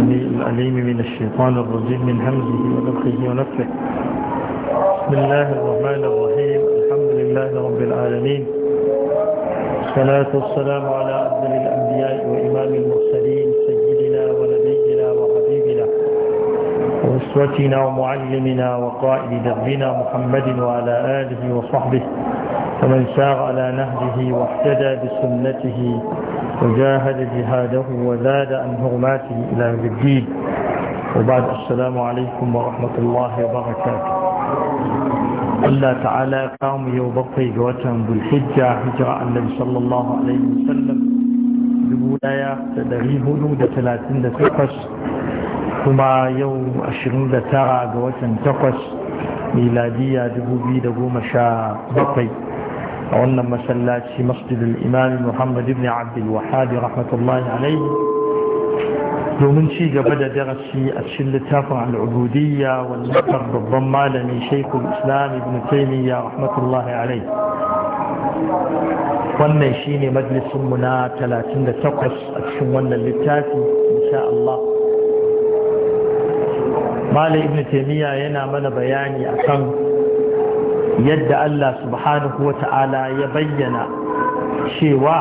السميع العليم من الشيطان الرجيم من همزه ونفخه ونفخه بسم الله الرحمن الرحيم الحمد لله رب العالمين الصلاة والسلام على أفضل الأنبياء وإمام المرسلين سيدنا ونبينا وحبيبنا وأسوتنا ومعلمنا وقائد دربنا محمد وعلى آله وصحبه ومن ساغ على نهجه واهتدى بسنته وجاهد جهاده وزاد عن حرماته إلى يوم الدين وبعد السلام عليكم ورحمة الله وبركاته Allah ta'ala kamu yau bakwai ga watan bulhijja hijira annabi sallallahu alaihi wasallam dubu daya da dari hudu da talatin da takwas kuma yau ashirin da tara ga watan takwas miladiya dubu biyu da goma sha bakwai a wannan masallaci مسجد الإمام محمد بن عبد الوهاب rahmatullahi domin ci gaba da darasi a cikin littafin al'ubudiyya wallafar babban malami al islam ibn taimiyya rahmatullahi alayhi wannan shine mu na 38 a cikin wannan littafi insha Allah malam ibn taimiyya yana mana bayani akan yadda Allah subhanahu wa ta'ala ya bayyana cewa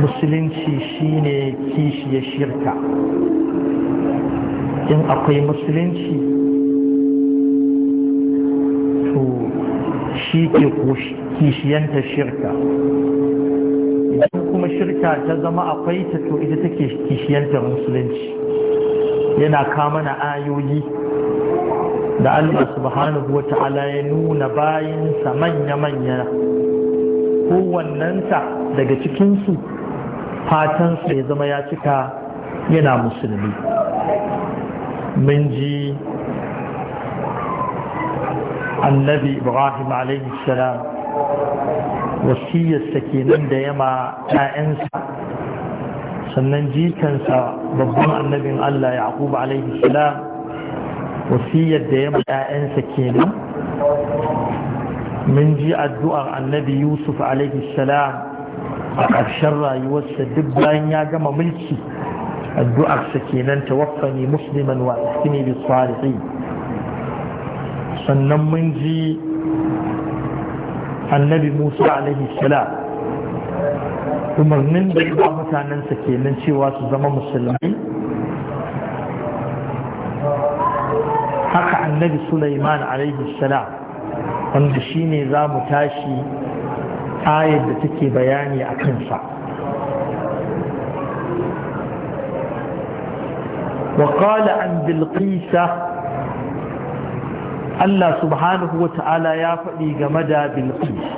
musulunci shine kishi shirka in akwai musulunci to shi ke kishiyanta shirka idan kuma shirka ta zama akwai ta to ita take kishiyanta musulunci yana kama na ayoyi da Allah subhanahu wa ta'ala ya nuna bayansa manya-manya kowannensa daga cikinsu fatansa ya zama ya cika yana musulmi mun ji annabi ibrahim alayhi salam wasiyarsa kenan da yama 'ya'yansa sannan jikansa babban annabin Allah yaqub alayhi salam wasiyar da ya ma 'ya'yansa kenan mun ji addu'ar annabi yusuf alaihi salam a ƙarshen rayuwarsa duk bayan ya gama mulki addu'arsa kenan tawaffani Musulman wa askini bi salihin sannan mun ji annabi musa alaihi salam umarnin da ya mutanensa kenan cewa su zama musulmai annabi Sulaiman alaihi salam wanda shine za mu tashi ayar da take bayani a kansa وقال عن بلقيسة الله سبحانه وتعالى يا فدي جمدا بلقيس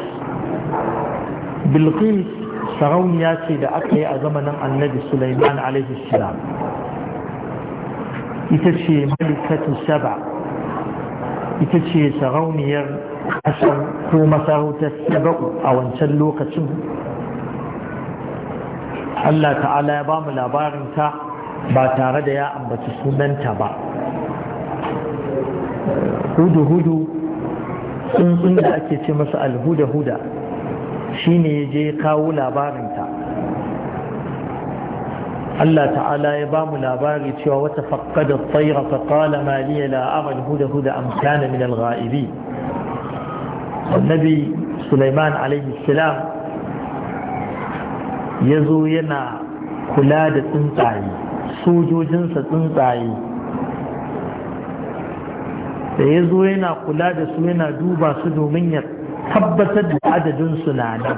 بلقيس sarauniya ce da aka yi a zamanin annabi Sulaiman alaihi salam ita ce ita ce sarauniyar ƙasar ko masarautar saba'u a wancan lokacin Allah ta'ala ya ba mu labarinta ba tare da ya ambaci sunanta ba hudu-hudu tsuntsun da ake ce masa alhuda-huda shi ne ya je kawo labarinta الله تعالى يبام الاباري تشوى وتفقد الطير فقال ما لي لا ارى الهدى هدى ام كان من الغائبين النبي سليمان عليه السلام يزو ينا كلاد تنتعي سوجو جنس تنتعي يزو ينا كلاد سوينا دوبا سدو من يتبتد عدد سنانا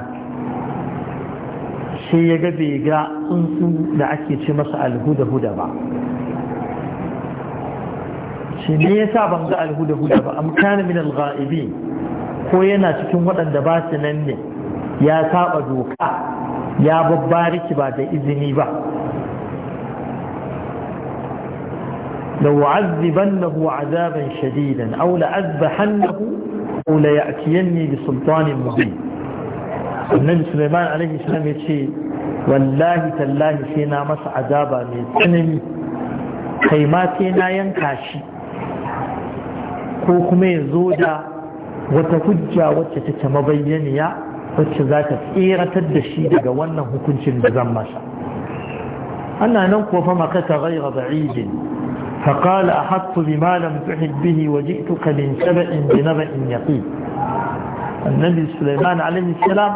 sai ya ga bai ga tsuntsu da ake ce masa alhuda-huda ba shi ne ya sa ban ga alhuda-huda ba amkana min alga'ibi ko yana cikin waɗanda ba su nan ne ya saba doka ya bariki ba da izini ba da لو عذبنه عذابا شديدا ya akiyan ne da sultanin مبين annabi Suleiman alaihi salam ya ce wallahi tallahi sai na masa azaba mai tsanani kai ma sai na yanka shi ko kuma ya zo da wata hujja wacce take mabayyaniya wacce za ta tseratar da shi daga wannan hukuncin da zan masa أنا ننقف a غير بعيد فقال أحط بما لم تحد به وجئتك من سبأ بنبأ يقين النبي Suleiman عليه السلام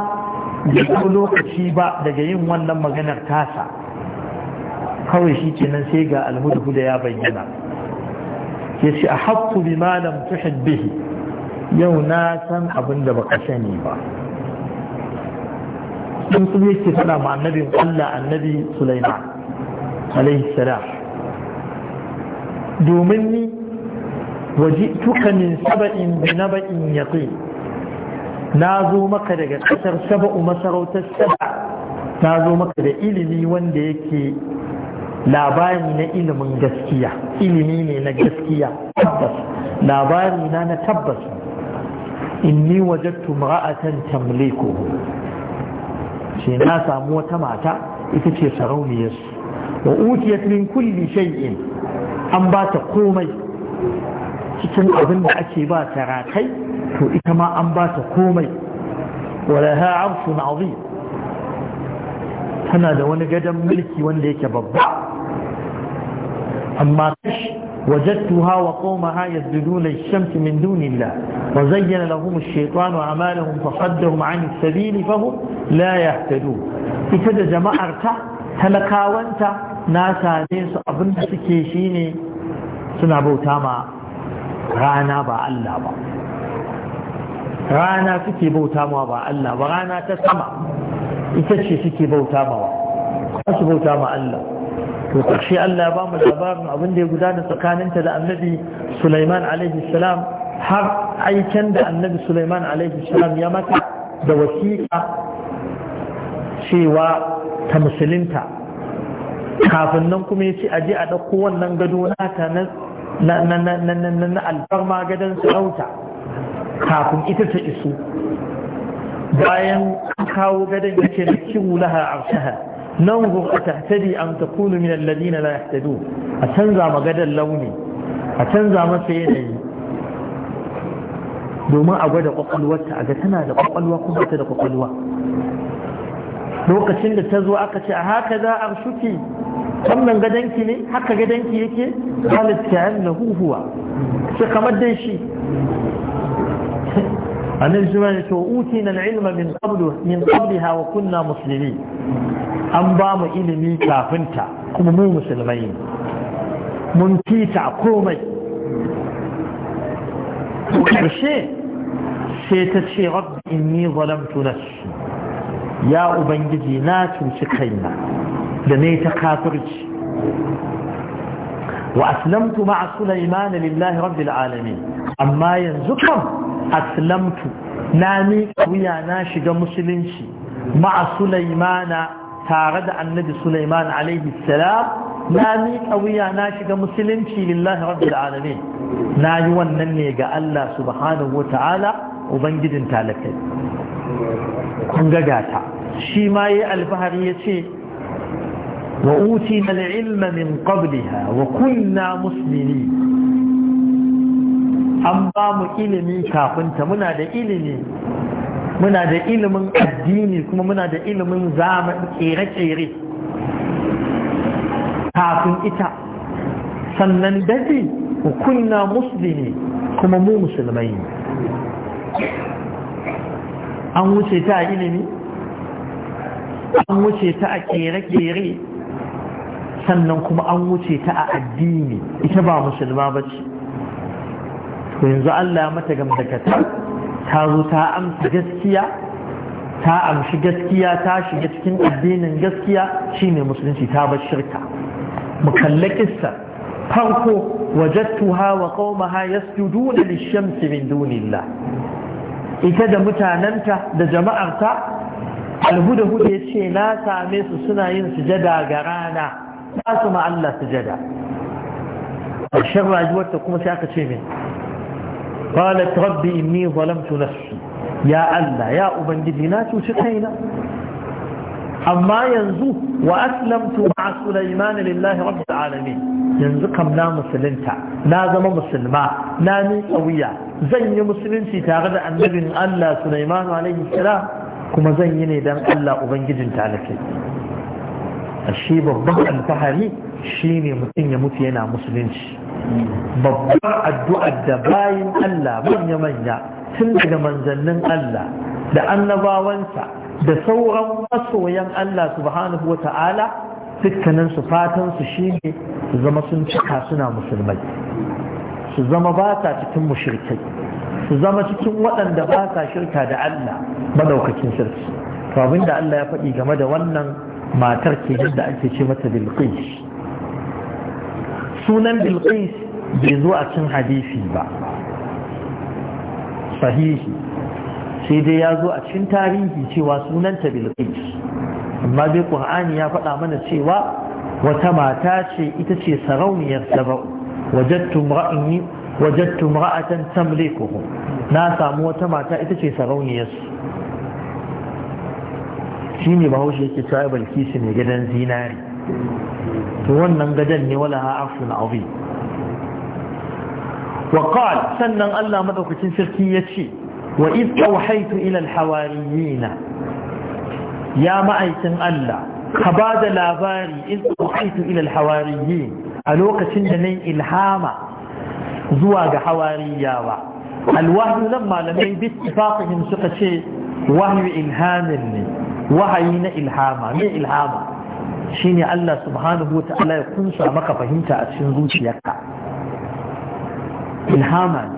bai ɗau lokaci ba daga yin wannan maganar tasa kawai shi ke nan sai ga alhudhuda ya bayyana ya ce a haƙƙu bi malam tuhid bihi yau na san abin da baka sani ba Sun kuma yake tana ma annabin Allah annabi Sulaiman alaihi salam domin ni waje tuka min saba'in bi naba'in yaqin na zo maka daga ƙasar saba'u masarautar saba na zo maka da ilimi wanda yake labari na ilimin gaskiya ilimi ne na gaskiya tabbas labari na na tabbas inni wajattu ma'atan tamliku ce na samu wata mata ita ce sarauniyarsu wa utiyat min kulli shay'in an ba ta komai cikin abin da ake ba sarakai to ita ma an ba ta komai walaha arshun azim tana da wani gadon mulki wanda yake babba amma kashi وجدتها وقومها يسجدون للشمس من دون الله وزين لهم الشيطان أعمالهم فصدهم عن السبيل فهم لا يهتدون إتدى جماعة هلكاونتا ناسا نيس أبن سكيشيني سنعبو تاما rana ba Allah ba rana suke bauta ma ba Allah ba rana ta sama ita ce suke bauta ma ba su bauta ma Allah to ƙarshe Allah ba mu labarin abin da ya gudana tsakaninta da annabi Sulaiman alaihi salam har aiken da annabi Sulaiman alaihi salam ya mata da wasiƙa cewa ta musulunta kafin nan kuma ya ce aje a ɗauko wannan gado na na na alfarma gadon sarauta kafin ita ta iso bayan kawo gadon ya na kiwu laha arshaha nan a tahtadi an am takunu min alladhina la yahtadu a canza ma gadon launi a canza masa yanayi domin a gwada kwakwalwarta a ga tana da kwakwalwa kuma ta da kwakwalwa lokacin da ta zo aka ce a haka za a shuki wannan gadonki ne haka gadanki yake halitta yan na huhuwa sai kamar dai shi annabi shi ne to utina al-ilma min qablu kunna musulmi. an ba mu ilimi kafinta kuma mu musulmai mun fita komai karshe sai ta ce rabbi inni zalamtu nafsi ya ubangiji na cuci kaina da ne ta kafirci wa aslamtu ma'a sulaimani lillahi rabbil alamin amma yanzu kam aslamtu na miƙa wuya na shiga musulunci ma'a sulaimana tare da annabi sulaiman alaihi salam na miƙa wuya na shiga musulunci lillahi rabbil alamin na yi wannan ne ga Allah subhanahu wa ta'ala ubangijin talakai kun gagata shi ma yi alfahari ya ce وأوتينا العلم من قبلها وكنا مسلمين an ba mu ilimi kafinta muna da ilimi muna da ilimin addini kuma muna da ilimin zamani kere-kere kafin ita sannan daji kunna musulmi kuma mu musulmai an wuce ta a ilimi an wuce ta a kere-kere sannan kuma an wuce ta a addini ita ba musulma ba ce yanzu Allah mata gamdakata ta zo ta amsa gaskiya ta amshi gaskiya ta shiga cikin addinin gaskiya ne musulunci ta bar shirka mu kalli kissa farko wajadtuha wa qaumaha yasjuduna lish-shamsi min dunillah ita da mutananta da jama'arta alhuda huda ya ce na same su suna yin sujada ga rana ba su ma Allah sujada ƙarshen rayuwarta kuma sai aka ce min qalat rabbi inni zalamtu nafsi ya Allah ya ubangiji na cuci kaina amma yanzu wa aslamtu ma Sulaiman lillahi rabbil alamin yanzu kam na musulunta na zama musulma na ni tsawiya zan yi musulunci tare da annabin Allah Sulaiman alaihi salam kuma zan yi ne dan Allah ubangijin talakai ashe babban alfahari shine mutum ya mutu yana musulunci babbar addu'ar da bayin Allah manya manya tun daga manzannin Allah da annabawansa da sauran masoyan Allah subhanahu wa ta'ala dukkanin su fatan su su zama sun cika suna musulmai su zama ba cikin mushirkai, su zama cikin waɗanda ba shirka da Allah madaukakin sarki to abinda Allah ya faɗi game da wannan matar ke da ake ce mata bilqis sunan bilqis bai zo a cin hadisi ba sahihi sai dai ya zo a cin tarihi cewa sunanta bilqis amma dai qur'ani ya faɗa mana cewa wata mata ce ita ce sarauniyar saba'u wajattum ra'atan tamlikuhu na samu wata mata ita ce sarauniyar shi ne bahaushe yake cewa ibal kishi ne gidan zinari to wannan gadan ne wala ha afun abi wa sannan Allah madaukakin sarki yace wa id tawhaytu ila al hawariyina ya ma'aikin Allah ka bada labari in tawhaytu ila al hawariyin a lokacin da nayi ilhama zuwa ga hawariyawa alwahyu lamma lamai bi ittifaqihim suka ce wahyu ilhamin ne wahayi na ilhama mai ilhama shine Allah subhanahu wa ta'ala ya kunsa maka fahimta a cikin zuciyarka ilhama ne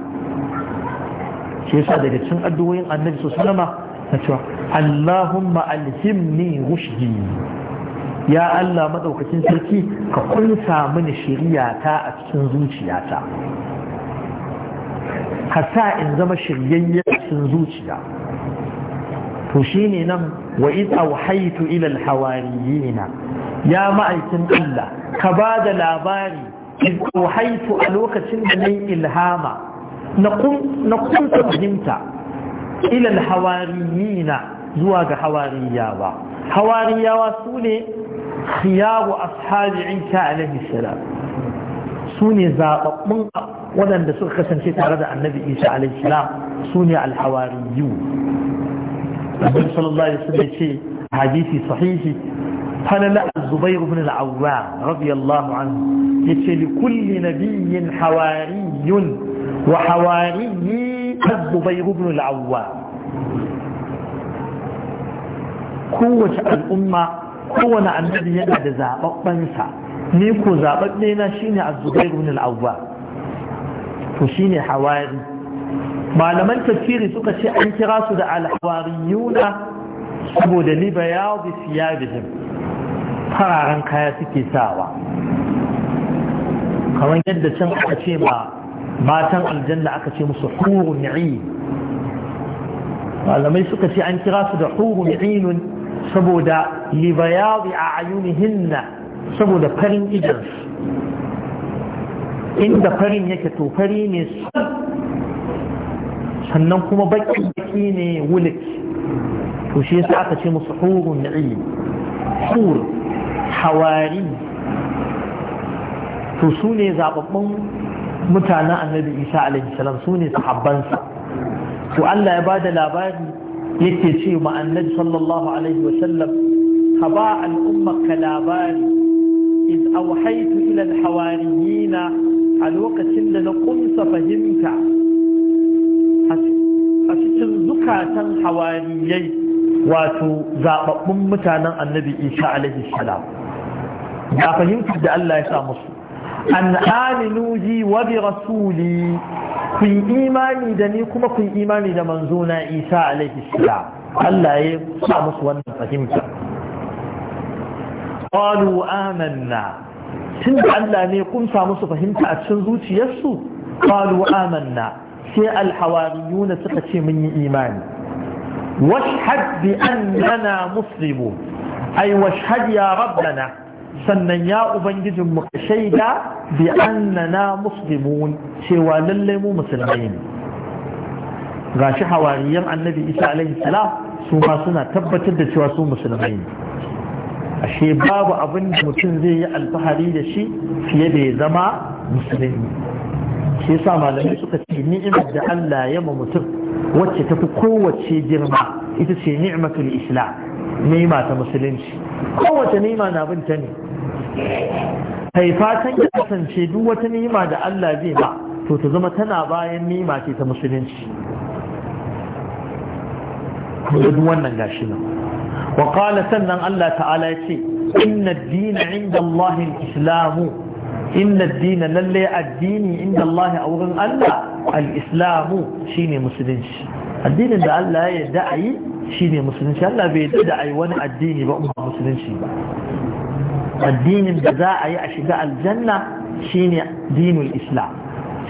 shi yasa daga cikin addu'o'in annabi sallama na cewa Allahumma alhimni rushdi ya Allah madaukakin sarki ka kunsa mini shiriyata a cikin zuciyata ka sa in zama shiryayye a cikin zuciya to shine nan wa iz awhaytu ila alhawariyina ya ma'aikin Allah ka ba da labari iz awhaytu a lokacin da nayi ilhama na kun na fahimta ila alhawariyina zuwa ga ba hawariyawa hawariyawa sune khiyaru ashabi Isa alaihi salam sune zababbun waɗanda suka kasance tare da annabi Isa alaihi salam sune alhawariyun abin sallallahu alaihi wasallam ce hadisi sahihi falala zubair ibn al-awwam radiyallahu anhu yace li kulli nabiyyin hawariyun wa hawariyi az-zubair ibn al-awwam kowace al'umma kowane annabi yana da zababbansa ni ko zababbe na shine az-zubair ibn al-awwam to shine hawari malaman tafsiri suka ce an kira su da alhawariyuna saboda liba ya bi siya fararen kaya suke sawa kamar yadda can aka ce ma matan aljanna aka ce musu hurun yi malamai suka ce an kira su da hurun inun saboda libayari a ayunihinna saboda farin idansu inda farin yake to fari ne sun sannan kuma baki baki ne wulik to shi yasa aka ce musu hurun ilm hur hawari to su ne zababbun mutanen annabi isa alaihi salam su ne sahabbansa to Allah ya bada labari yake ce ma annabi sallallahu alaihi wa sallam ka ba ka labari iz auhaitu ila alhawariyina a lokacin da na kumsa fahimta zukatan hawariyai wato zababbun mutanen annabi isa alaihi salam ga fahimtar da Allah ya sa musu an aminu ji wa bi rasuli ku imani da ni kuma ku imani da manzo na isa alaihi salam Allah ya sa musu wannan fahimta qalu amanna tunda Allah ne kun sa musu fahimta a cikin zuciyarsu qalu amanna sai alhawariyuna suka ce mun yi imani washhad bi annana muslimun ai washhad ya rabbana sannan ya ubangijin mu ka shaida bi annana muslimun cewa lallai mu musulmai ne gashi hawariyan annabi isa alaihi salam su ma suna tabbatar da cewa su musulmai ne ashe babu abin da mutum zai yi alfahari da shi fiye da ya zama musulmi shi yasa malamai suka ce ni'imar da Allah ya ma mutum wacce ta fi kowace girma ita ce ni'matul islam ni'ima ta musulunci kowace ni'ima na bin ta ne kai fatan ya kasance duk wata ni'ima da Allah zai ba to ta zama tana bayan ni'ima ce ta musulunci duk wannan gashi nan wa qala sannan Allah ta'ala ya ce inna ad-dina 'inda al-islamu inna dina lalle addini inda Allah a wurin Allah al-islamu shine musulunci addinin da Allah ya yarda a yi shine musulunci Allah bai yarda da a yi wani addini ba ba musulunci ba addinin da za a yi a shiga aljanna shine dinul islam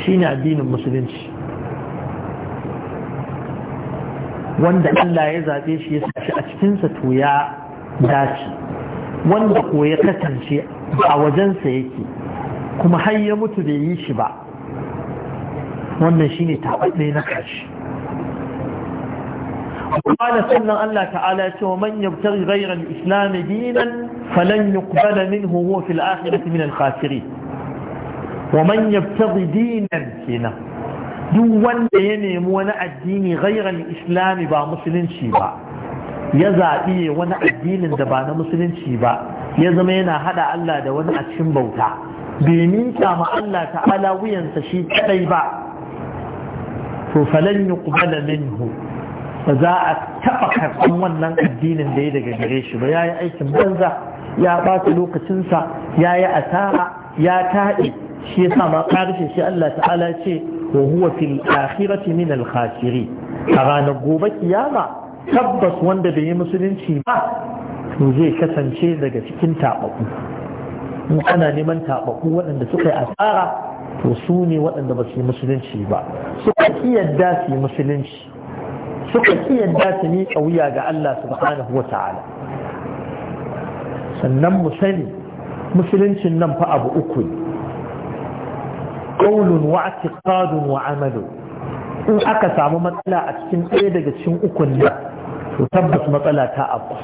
shine addinin musulunci wanda Allah ya zaɓe shi ya sashi a cikinsa to ya dace wanda ko ya kasance a wajensa yake kuma har ya mutu bai yi shi ba wannan shine taɓaɓɓe na kashi قال سنة الله rairar ومن يبتغي غير الإسلام دينا فلن يقبل منه هو في الآخرة من Wa ومن يبتغي دينا هنا duk wanda ya nemi wani addini ghairar islami ba musulunci ba ya zaɓi wani addinin da ba na musulunci ba ya zama yana hada Allah da wani a cikin bauta bai miƙa ma Allah ta'ala wuyansa shi kadai ba to falan yuqbala minhu ba za a taɓa karɓar wannan addinin da ya daga gare shi ba yayi aikin banza ya ɓata lokacinsa yayi asara ya taɗe shi yasa ma ƙarshe shi Allah ta'ala ce wa huwa fil akhirati min al khasiri a ranar gobe kiyama tabbas wanda bai yi musulunci ba to zai kasance daga cikin taɓaɓɓu in ana neman taɓaɓɓu waɗanda suka yi asara to su ne waɗanda ba su yi musulunci ba suka ki yadda su yi musulunci suka ki yadda su ne ƙauya ga Allah subhanahu wa ta'ala sannan mu sani musuluncin nan fa abu uku ne qawlun wa i'tiqadun wa amalu in aka samu matsala a cikin ɗaya daga cikin ukun nan to tabbas matsala ta abu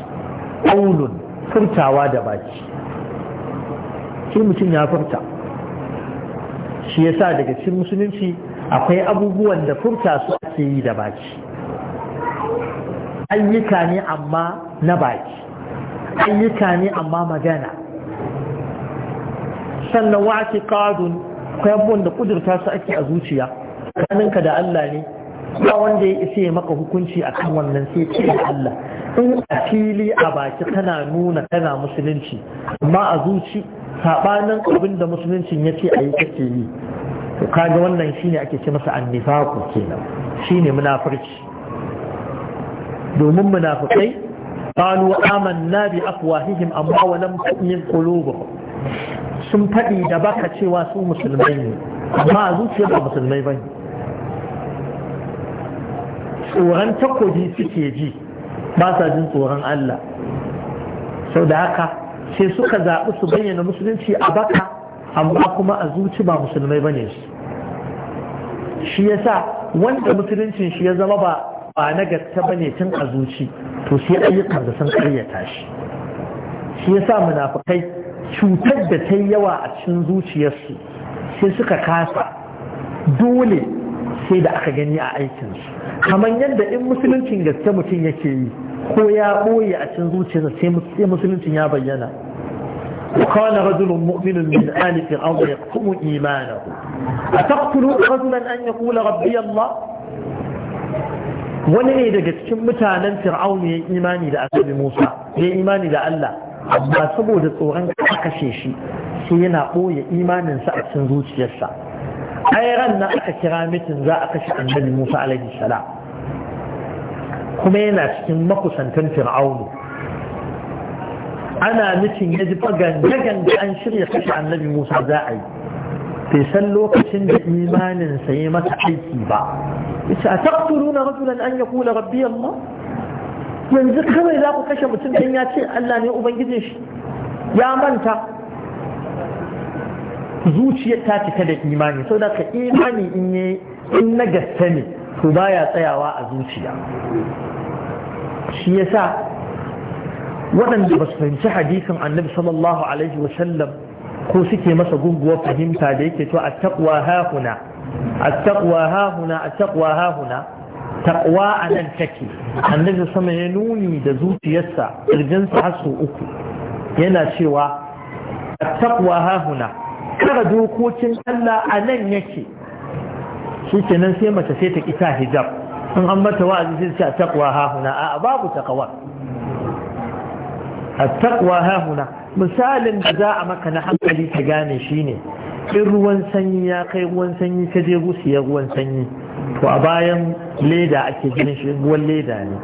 ƙaunin furtawa da baki shi mutum ya furta shi ya sa daga cikin musulunci akwai abubuwan da furta su ake yi da baki ayyuka ne amma na baki ayyuka ne amma magana sannan wa ake kadun akwai abubuwan da kudurta su ake a zuciya ka da Allah ne ba wanda ya isa ya maka hukunci a kan wannan sai ce da Allah in a fili a baki tana nuna tana musulunci amma a zuci sabanin abin da musuluncin ya ce a yi kake yi To kaga wannan shine ake ce masa annifaku kenan shine munafurci domin munafikai qalu amanna bi afwahihim amma wa lam tu'min qulubuhum sun faɗi da baka cewa su musulmai ne amma zuciyar ba musulmai bane tsoron takobi suke ji ba sa jin tsoron Allah sau da haka sai suka zaɓi su bayyana musulunci a baka amma kuma a zuci ba musulmai bane su shi sa wanda musuluncin shi ya zama ba ba na gaske bane tun a zuci to sai ayyukan da sun karyata shi shi yasa munafukai cutar da ta yawa a cikin zuciyarsu sai suka kasa dole sai da aka gani a aikinsu kamar yadda in musuluncin gaske mutum yake yi ko ya ɓoye a cin zuciyarsa sai musuluncin ya bayyana وقال رجل مؤمن من آل فرعون يكتم إيمانه أتقتلون رجلا أن يقول ربي الله wani ne daga cikin mutanen fir'aunu ya imani da annabi musa ya imani da allah amma saboda tsoron kashe shi sai yana ɓoye imaninsa a cikin zuciyarsa ai ran na aka kira mitin za a kashe annabi musa alaihi kuma yana cikin makusantan fir'aunu ana nufin ya ji ganda an shirya kashe annabi musa za a yi bai san lokacin da imaninsa ya mata aiki ba yace a taqtuluna rajulan an yaqula rabbi yamma? yanzu kawai za ku kashe mutum dan ya ce Allah ne ubangijin shi ya manta zuciyar ta cika da imani da ka imani in na ne to baya tsayawa a zuciya shi yasa waɗanda ba su fahimci hadisin annabi sallallahu alaihi wasallam ko suke masa gunguwar fahimta da yake to attaqwa hahuna attaqwa hahuna attaqwa hahuna taqwa anan take annabi sama ya nuni da zuciyarsa kirjinsa har uku yana cewa attaqwa hahuna kara dokokin Allah anan yake shi kenan sai mace sai ta kita hijab in an mata wa'azi sai ta a takwa ha huna a babu takawa a takwa ha huna misalin da za a maka na hankali ka gane shine in ruwan sanyi ya kai ruwan sanyi ka je gusiyar ruwan sanyi to a bayan leda ake ganin shi ruwan leda ne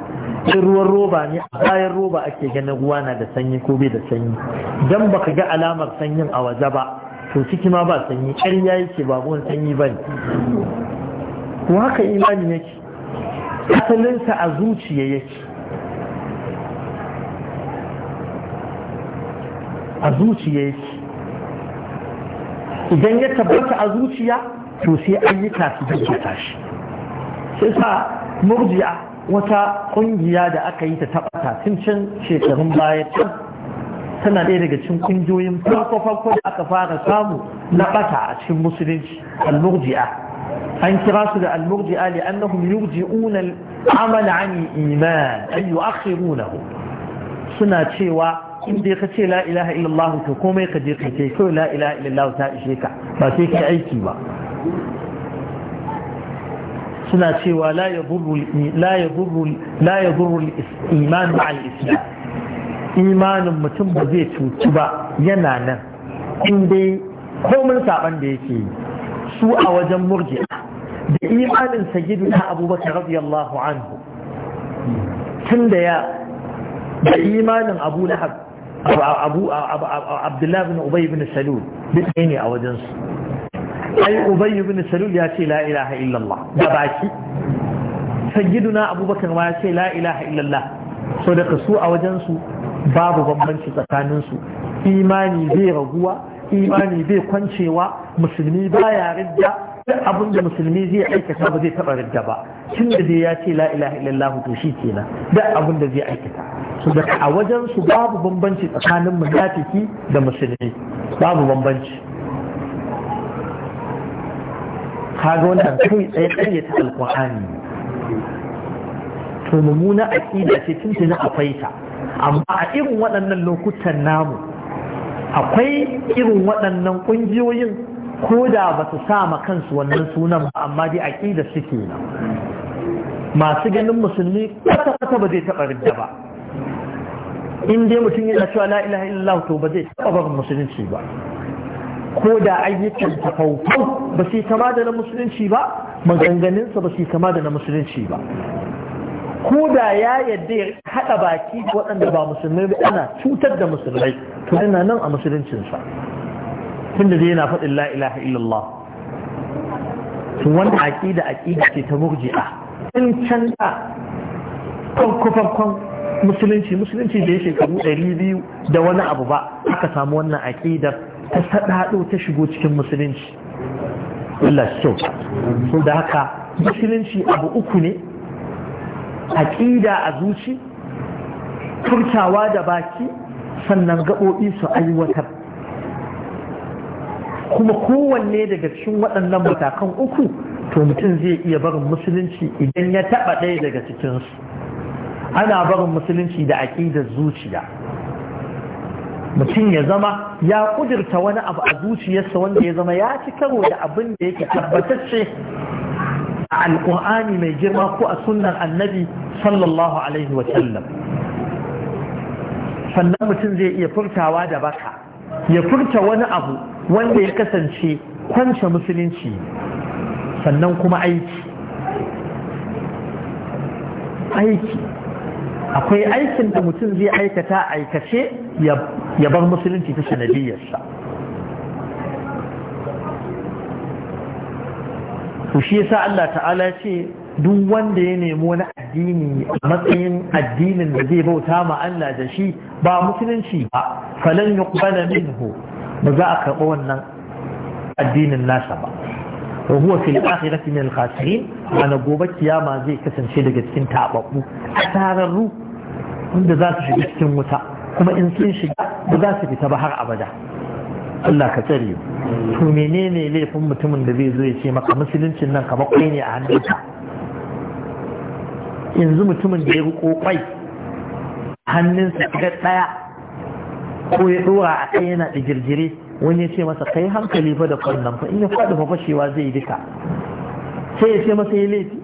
in ruwan roba ne a bayan roba ake ganin ruwa na da sanyi ko bai da sanyi dan baka ga alamar sanyin a waje ba to ciki ma ba sanyi ƙarya yake ba ruwan sanyi ba ne ko haka imani yake asalinsa a zuciya yake a zuciya yake idan ya tabbata a zuciya to sai ayyuka su jirgita tashi, sai sa murji'a wata ƙungiya da aka yi ta tabbata tun can shekarun baya can tana ɗaya daga cikin ƙungiyoyin farko-farko da aka fara samu na ɓata a cikin musulunci al-murji'a an kira su da al-murji'a li annahum yurji'una al-amala an iman ay yu'akhirunahu suna cewa in dai ka ce la ilaha illallah to komai ka je ka ce kawai la ilaha illallah ta ishe ka ba sai ka aiki ba suna cewa la yadurru la yadurru la yadurru al-iman ma'a al-islam imanin mutum ba zai cuci ba yana nan in dai komin saban da yake yi su a wajen murji da imanin sagidu na abubakar radiyallahu anhu tun da ya da imanin abu abdullahi bin ubay bin salul duk ne a wajensu ai ubay bin salul ya ce la ilaha illallah da baki sayyiduna abubakar ma ya ce la ilaha illallah so daga su a wajensu babu bambanci tsakaninsu imani zai raguwa imani zai kwancewa musulmi ba ya ridda duk abin da musulmi zai aikata ba zai taba ridda ba tun da zai ya ce la ilaha illallah to shi kenan duk abin da zai aikata su da a wajen su babu bambanci tsakanin munafiki da musulmi babu bambanci kaga wannan kai tsaye ƙaryata alƙur'ani to mummuna aƙida ce tun tuni akwai ta amma a irin waɗannan lokutan namu akwai irin waɗannan ƙungiyoyin ko da ba su sa ma kansu wannan sunan ba amma dai aƙida suke nan masu ganin musulmi kwata-kwata ba zai taɓa ridda ba in dai mutum yana cewa la ilaha illallah to ba zai taɓa ba musulunci ba ko da ayyukan tafaufau ba su kama da na musulunci ba maganganunsa ba su kama da na musulunci ba ko da ya yadda ya haɗa baki waɗanda ba musulmai ba ana cutar da musulmai to yana nan a musuluncinsa tun da zai yana faɗin la ilaha illallah to wanda aƙida aƙida ce ta murji'a in can da farko farkon musulunci musulunci da ya shekaru ɗari biyu da wani abu ba aka samu wannan aƙidar ta saɗaɗo ta shigo cikin musulunci Allah shi kyau da haka musulunci abu uku ne aƙida a zuci furtawa da baki sannan gaɓoɓi su aiwatar kuma kowanne daga cikin waɗannan matakan uku to mutum zai iya barin musulunci idan ya taɓa ɗaya daga cikinsu ana barin musulunci da aƙidar zuciya mutum ya zama ya ƙudurta wani abu a zuciyarsa wanda ya zama ya ci karo da abin da yake tabbatacce a alƙur'ani mai girma ko a sunnar annabi sallallahu alaihi wa wasallam sannan mutum zai iya furtawa da baka ya furta wani abu wanda ya kasance kwance musulunci sannan kuma aiki aiki akwai aikin da mutum zai aikata aikace ya bar musulunci ta sanadiyarsa to shi yasa Allah ta'ala ya ce duk wanda ya nemi wani addini a matsayin addinin da zai bauta ma Allah da shi ba musulunci ba falan yuqbala minhu ba za a karɓi wannan addinin nasa ba wa huwa fil akhirati min al-khasirin ana gobe kiyama zai kasance daga cikin tababbu asararru wanda za su shiga cikin wuta kuma in sun shiga ba za su fita ba har abada Allah ka tsare to menene laifin mutumin da zai zo ya ce maka musuluncin nan kamar kwai ne a hannunka yanzu mutumin da ya riko kwai hannunsa ga daya ko ya dora a kai yana da girgire wani ya ce masa kai hankali fa da kwannan fa in ya fada fa fashewa zai duka sai ya ce masa ya laifi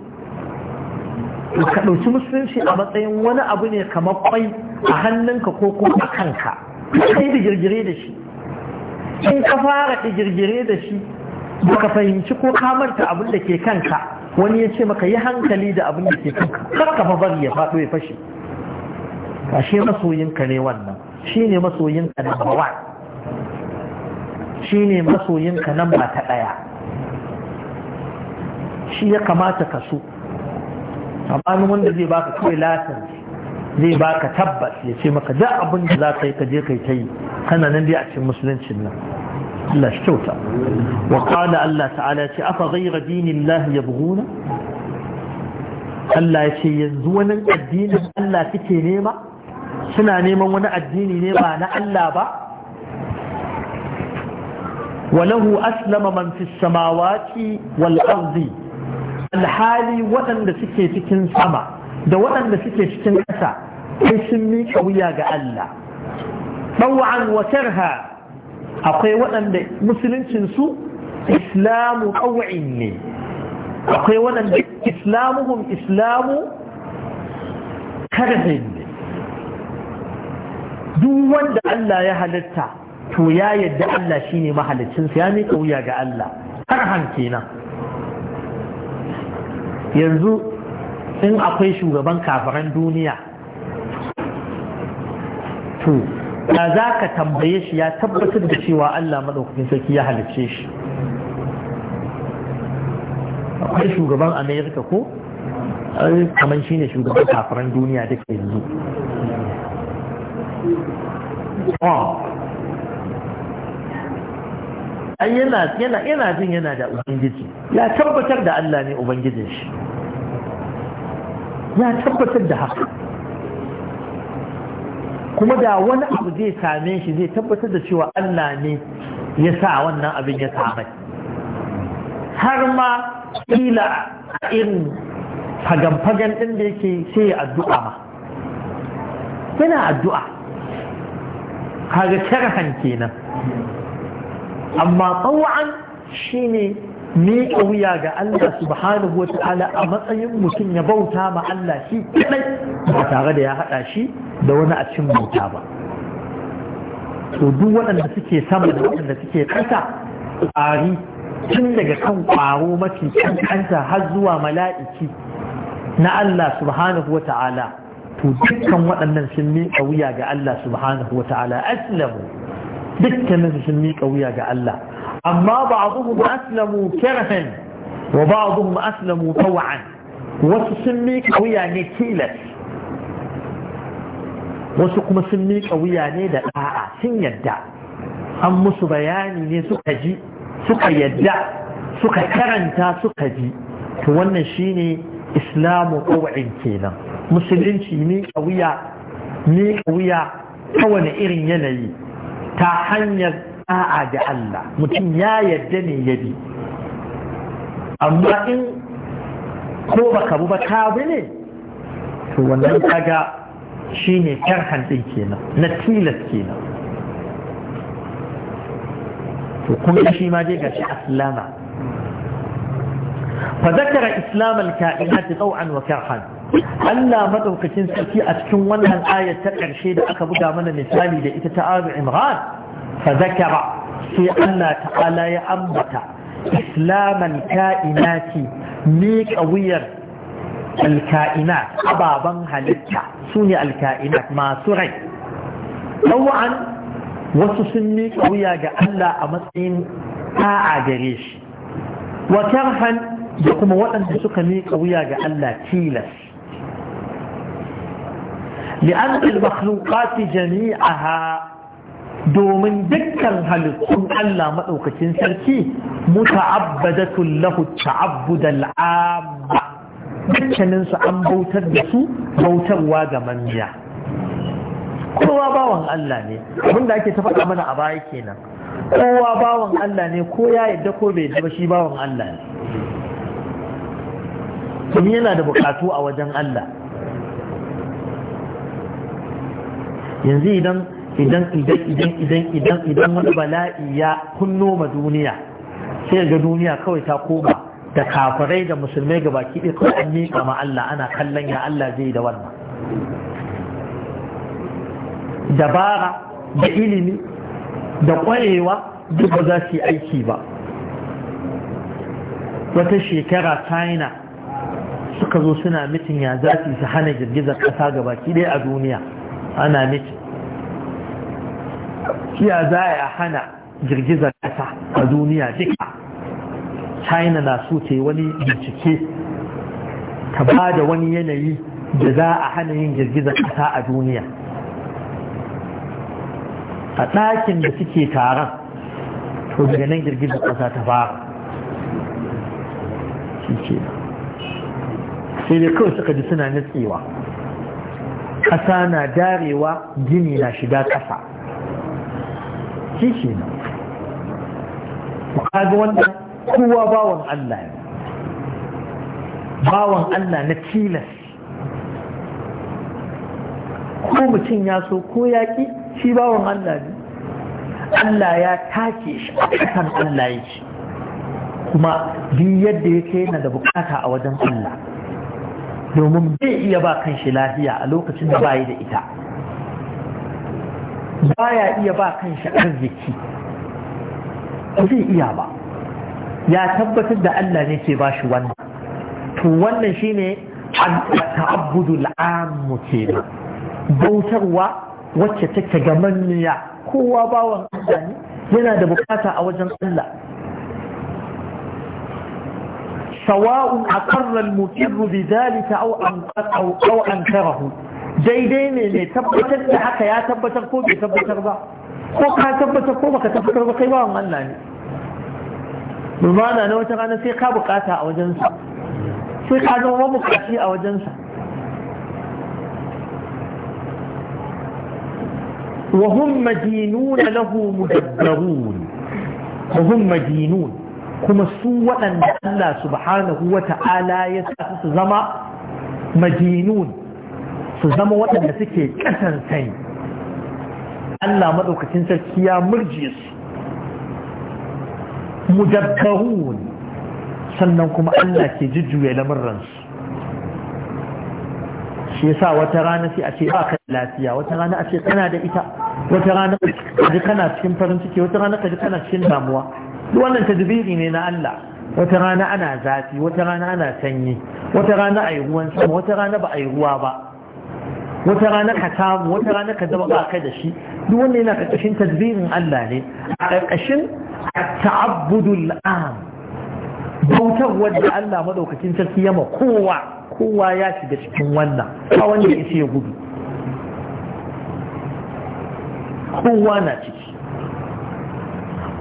ka ɗauki musulunci a matsayin wani abu ne kamar kwai a hannunka ko kuma a kanka kai da girgire da shi in ka fara digirgire da shi baka fahimci ko ka manta abin da ke kanka wani ya ce maka yi hankali da abin da ke kanka kar ka fa bari ya faɗo ya fashe ashe masoyinka ne wannan Shi ne masoyinka na bawa ne masoyinka nan ba ta ɗaya shi ya kamata ka so amma wanda zai baka kawai latin zai baka tabbas ya ce maka da abin da za ka yi ka kai ta yi kana nan dai a cikin musuluncin nan Allah shi kyauta wa qala Allah ta'ala ce afa ghayra dinillahi yabghuna Allah ya ce yanzu wani addinin Allah kike nema suna neman wani addini ne ba na Allah ba walahu aslama man fi samawati wal ardi alhali waɗanda suke cikin sama da waɗanda suke cikin ƙasa sai sun miƙa wuya ga Allah ɗau'an wa ha, akwai waɗanda musuluncinsu islamu ɗau'in ne akwai waɗanda islamuhum islamu ƙarfin ne duk wanda Allah ya halitta to ya yadda Allah shi shine mahalicinsa ya miƙa wuya ga Allah karhan kenan yanzu in akwai shugaban kafiran duniya to da za ka tambaye shi ya tabbatar da cewa Allah maɗaukakin sarki ya halicce shi akwai shugaban amerika ko kamar shi ne shugaban kafiran duniya da ke yanzu ah. ai yana jin yana da ubangiji ya tabbatar da Allah ne ubangijin shi ya tabbatar da haka kuma da wani abu zai same shi zai tabbatar da cewa Allah ne ya sa wannan abin ya samai har ma kila irin fagan-fagan ɗin da yake sai ya addu'a ma yana addu'a kaga sharhan kenan amma tsawon shi ne ni wuya ga Allah subhanahu wa ta'ala a matsayin mutum ya bauta ma Allah shi kadai ba tare da ya haɗa shi da wani a cikin bauta ba to duk waɗanda suke sama da waɗanda suke ƙasa ƙwari tun daga kan ƙwaro mafi ƙanƙanta har zuwa mala'iki na Allah subhanahu wa ta'ala to dukkan waɗannan sun miƙa wuya ga Allah subhanahu wa ta'ala aslamu dukkanin sun miƙa wuya ga Allah amma ba'dhum aslamu karahan wa ba'dhum aslamu taw'an wasu sun miƙa wuya ne tilas wasu kuma sun miƙa wuya ne da ɗa'a sun yadda an musu bayani ne suka ji suka yadda suka karanta suka ji to wannan shine islamu qaw'in kenan musulunci miƙa wuya ne ta wani irin yanayi ta hanyar da'a ga Allah mutum ya yadda ne ya bi amma in ko baka bu ba ka bi ne to wannan kaga shine karhan din kenan na tilas kenan to kuma shi ma dai gashi aslama fa zakara islam al-ka'inat taw'an wa karhan Allah madaukakin sarki a cikin wannan ayar ta karshe da aka buga mana misali da ita ta Abu Imran فذكر في الله تعالى يا أمتا إسلاما كائنات ميك أوير الكائنات أبابا هلتا سوني الكائنات ما سرعي طوعا وسسن ميك أوير الله أمتين أعجريش وكرها يقوم وأن تسك ميك أوير الله تيلس لأن المخلوقات جميعها domin dukkan halittun Allah maɗaukacin sarki muta'abbadatun lahu ta'abbudal amma dukkanin su an bautar da su bautarwa ga manja kowa bawan Allah ne abin da ake ta faɗa mana a baya kenan kowa bawan Allah ne ko ya yadda ko bai yadda shi bawan Allah ne kuma yana da bukatu a wajen Allah yanzu idan idan idan idan idan idan idan wani bala'i ya kunno ma duniya sai ga duniya kawai ta koma da kafirai da musulmai ga baki ɗaya an miƙa ma Allah ana kallon ya Allah zai da wannan dabara da ilimi da ƙwarewa duk ba za su yi aiki ba wata shekara china suka zo suna mitin ya za su hana girgizar ƙasa ga baki ɗaya a duniya ana mitin ya za a hana girgizar ƙasa a duniya duka china na so ta yi wani bincike ta ba da wani yanayi da za a hana yin girgizar ƙasa a duniya a ɗakin da suke taron to daga nan girgizar ƙasa ta fara sai da kawai suka ji suna natsewa. ƙasa na darewa gini na shiga ƙasa shi ke nan kaga wannan kowa bawan Allah ne bawan Allah na tilas ko mutum ya so ko ya ki shi bawan Allah ne Allah ya take shi a Allah yake kuma duk yadda yake yana da bukata a wajen Allah domin zai iya ba kan shi lafiya a lokacin da bayi da ita ya iya ba kanshi arziki ba zai iya ba ya tabbatar da Allah ne ke ba shi wannan to wannan shine ta'abbudul ke kenan bautarwa wacce take gamanniya kowa bawan Allah ne yana da bukata a wajen Allah sawa'un aqarra al-muqirru bi dhalika aw an aw ankarahu daidai ne mai tabbatar da haka ya tabbatar ko bai tabbatar ba ko ka tabbatar ko baka tabbatar ba kai ba wannan ne rumana na wata rana sai ka bukata a wajensa sai ka zama mabukaci a wajensa وهم مدينون له مدبرون وهم مدينون كما سوء أن الله سبحانه وتعالى يسأل زما مدينون su zama waɗanda suke ƙasar sai Allah maɗaukacin sarki ya murje su mudabbarun sannan kuma Allah ke jujjuya lamurransu shi yasa wata rana sai a ce ba ka lafiya wata rana a ce kana da ita wata rana ka ji kana cikin farin ciki wata rana ka ji kana cikin damuwa wannan tadbiri ne na Allah wata rana ana zafi wata rana ana sanyi wata rana a yi ruwan sama wata rana ba a yi ruwa ba wata rana ka samu wata rana ka zama ba kai da shi duk wanda yana ƙarƙashin tadbirin Allah ne a ƙarƙashin ta'abbudul am bautar wanda Allah madaukakin sarki ya ma kowa kowa ya shiga cikin wannan a wanda ya gudu kowa na ciki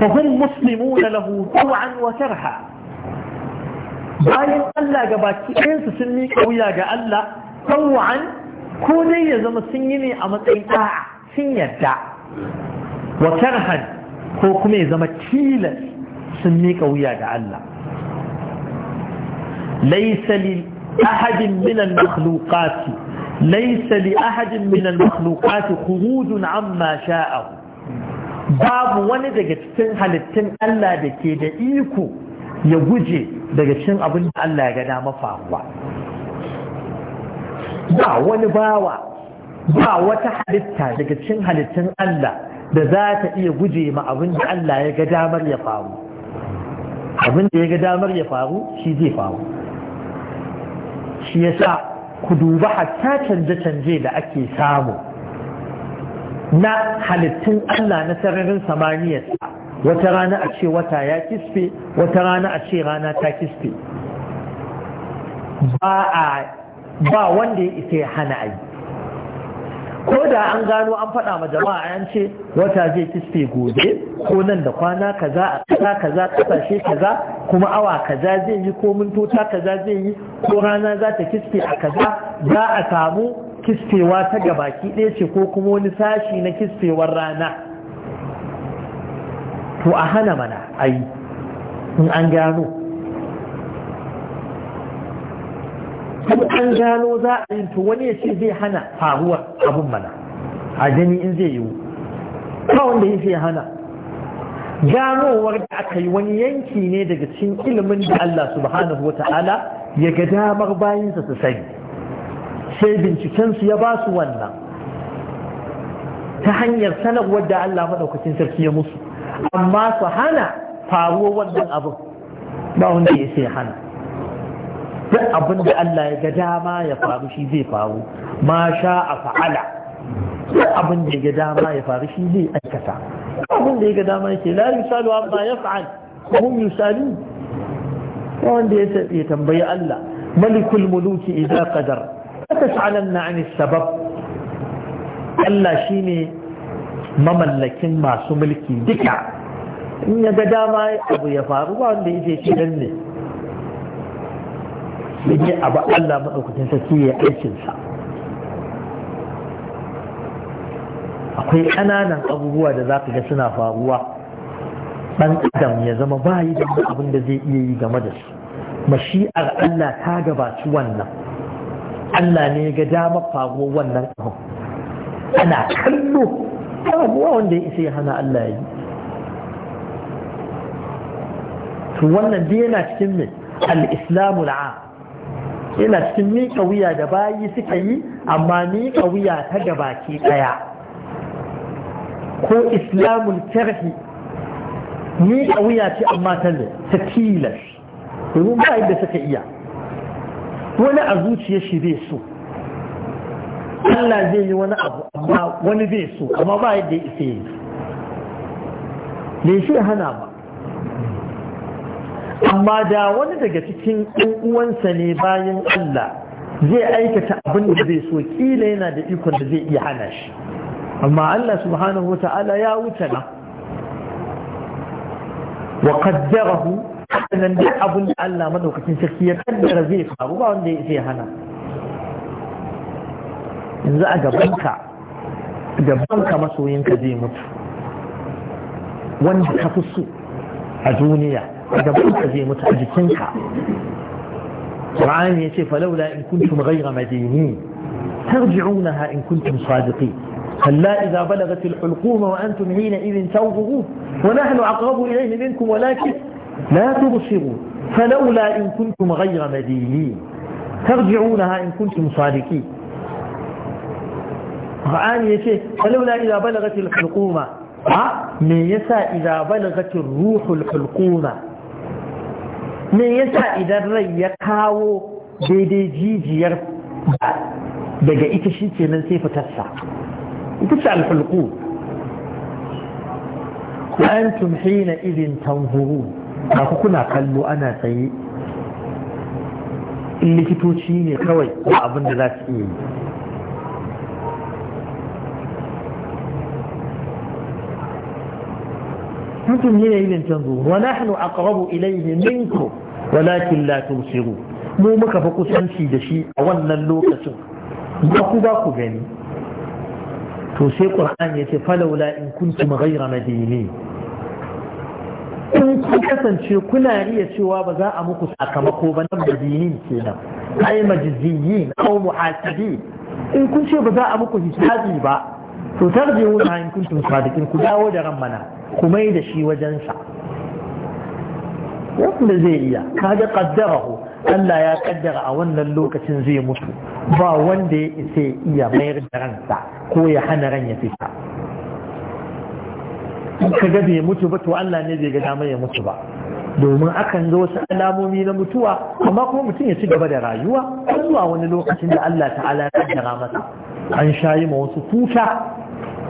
fa hum muslimuna lahu taw'an wa karha bayan Allah ga baki sun miƙa wuya ga Allah taw'an ko dai ya zama sun yi ne a matsayin ɗa'a sun yadda wa karhan ko kuma ya zama tilas sun miƙa wuya ga Allah laisa li ahadin min al-makhluqat na li ahadin min amma babu wani daga cikin halittun Allah da ke da iko ya guje daga cikin abin da Allah ya ga dama ba wani bawa ba wata halitta daga cikin halittun Allah da za ta iya guje ma abin da Allah ya ga damar ya faru abin da ya ga damar ya faru shi zai faru shi yasa ku duba hatta canje-canje da ake samu na halittun Allah na sararin samaniyarsa wata rana a ce wata ya kispe, wata rana a ce rana ta kisfe ba a ba wanda ya isa ya hana a yi ko da an gano an faɗa ma jama'a an ce wata zai kisfe gobe ko nan da kwana kaza a ƙasa kaza ƙasashe kaza kuma awa kaza zai yi ko mintota kaza zai yi ko rana za ta a kaza za a samu kisfewa ta gabaki ɗaya ce ko kuma wani sashi na kisfewar rana to a hana mana a yi in an gano duk an gano za a yi to wani ya ce zai hana faruwar abun mana a gani in zai yiwu ba wanda ya ce hana ganowar da aka yi wani yanki ne daga cikin ilimin da Allah subhanahu wa ta'ala ya ga damar bayansa su sani sai bincikensu ya ba su wannan ta hanyar sanarwar da Allah maɗaukacin sarki ya musu amma su hana faruwar wannan abin ba wanda ya sai hana duk abin da Allah ya ga dama ya faru shi zai faru ma sha a fa'ala duk abin da ya ga dama ya faru shi zai aikata abin da ya ga dama yake la yusalu amma yaf'al hum yusalu wanda ya tambayi Allah malikul muluki idza qadar tas'alanna 'an sabab Allah shine mamallakin masu mulki duka in ya ga dama abu ya faru ba wanda ya ce shi ne sai abu Allah maɗaukacin sarki ya aikinsa akwai ƙananan abubuwa da za ka ga suna faruwa ɗan adam ya zama bayi da abin da zai iya yi game da su mashi'ar Allah ta gabaci wannan Allah ne ga damar faruwar wannan abu ana kallo abubuwa wanda ya isa ya hana Allah ya yi to wannan dai yana cikin mai al-islamul yana cikin miƙa wuya da bayi suka yi amma miƙa wuya ta ke ɗaya ko islamun kirhi miƙa wuya ce amma ta ne ta tilas domin ba yadda suka iya wani a zuciya shi bai so Allah zai yi wani abu amma wani bai so amma ba yadda ya isa yi ne shi hana ba amma da wani daga cikin ɗan uwansa ne bayan Allah zai aikata abin da zai so kila yana da ikon da zai iya hana shi amma Allah subhanahu wa ta'ala ya wuce na wa qaddarahu nan da abin da Allah madaukakin sarki ya kaddara zai faru ba wanda zai hana yanzu a gabanka gabanka masoyinka zai mutu wanda ka fi so a duniya gabanka zai mutu a jikinka Qur'ani yace falaula in kuntum ghayra madini tarji'unaha in kuntum sadiqin كلا إذا بلغت الحلقوم وأنتم حينئذ تنظرون ونحن أقرب إليه منكم ولكن لا تبصرون فلولا إن كنتم غير مدينين ترجعونها إن كنتم صادقين القرآن يشيء فلولا إذا بلغت الحلقومة آه، من يسا إذا بلغت الروح الحلقومة me yasa idan rai ya kawo daidai jijiyar daga ita shi kenan sai fitarsa ita ce alfalku ku an tumhi na izin tanzuru ba ku kuna kallo ana tsaye likitoci ne kawai ba abin da za su iya yi mutum ne yayi zancen zuhur wa nahnu aqrabu ilayhi minkum walakin la tusiru mu muka fi kusanci da shi a wannan lokacin ba ku ba ku gani to sai ya ce falawla in kuntum ghayra madini in kun kasance kuna iya cewa ba za a muku sakamako ba nan madinin kenan ai majziyin aw muhasibi in kun ce ba za a muku hisabi ba to tarjiuna in kuntum sadiqin ku dawo da ran mana kuma da shi wajensa wanda zai iya kaga kaddarahu Allah ya kaddara a wannan lokacin zai mutu ba wanda ya isa iya mayar da ransa ko ya hana ran ya fita ka ga bai mutu ba to Allah ne zai ga damar ya mutu ba domin akan zo wasu alamomi na mutuwa amma kuma mutum ya ci gaba da rayuwa zuwa wani lokacin da Allah ta'ala ya kaddara masa an shayi ma wasu kuka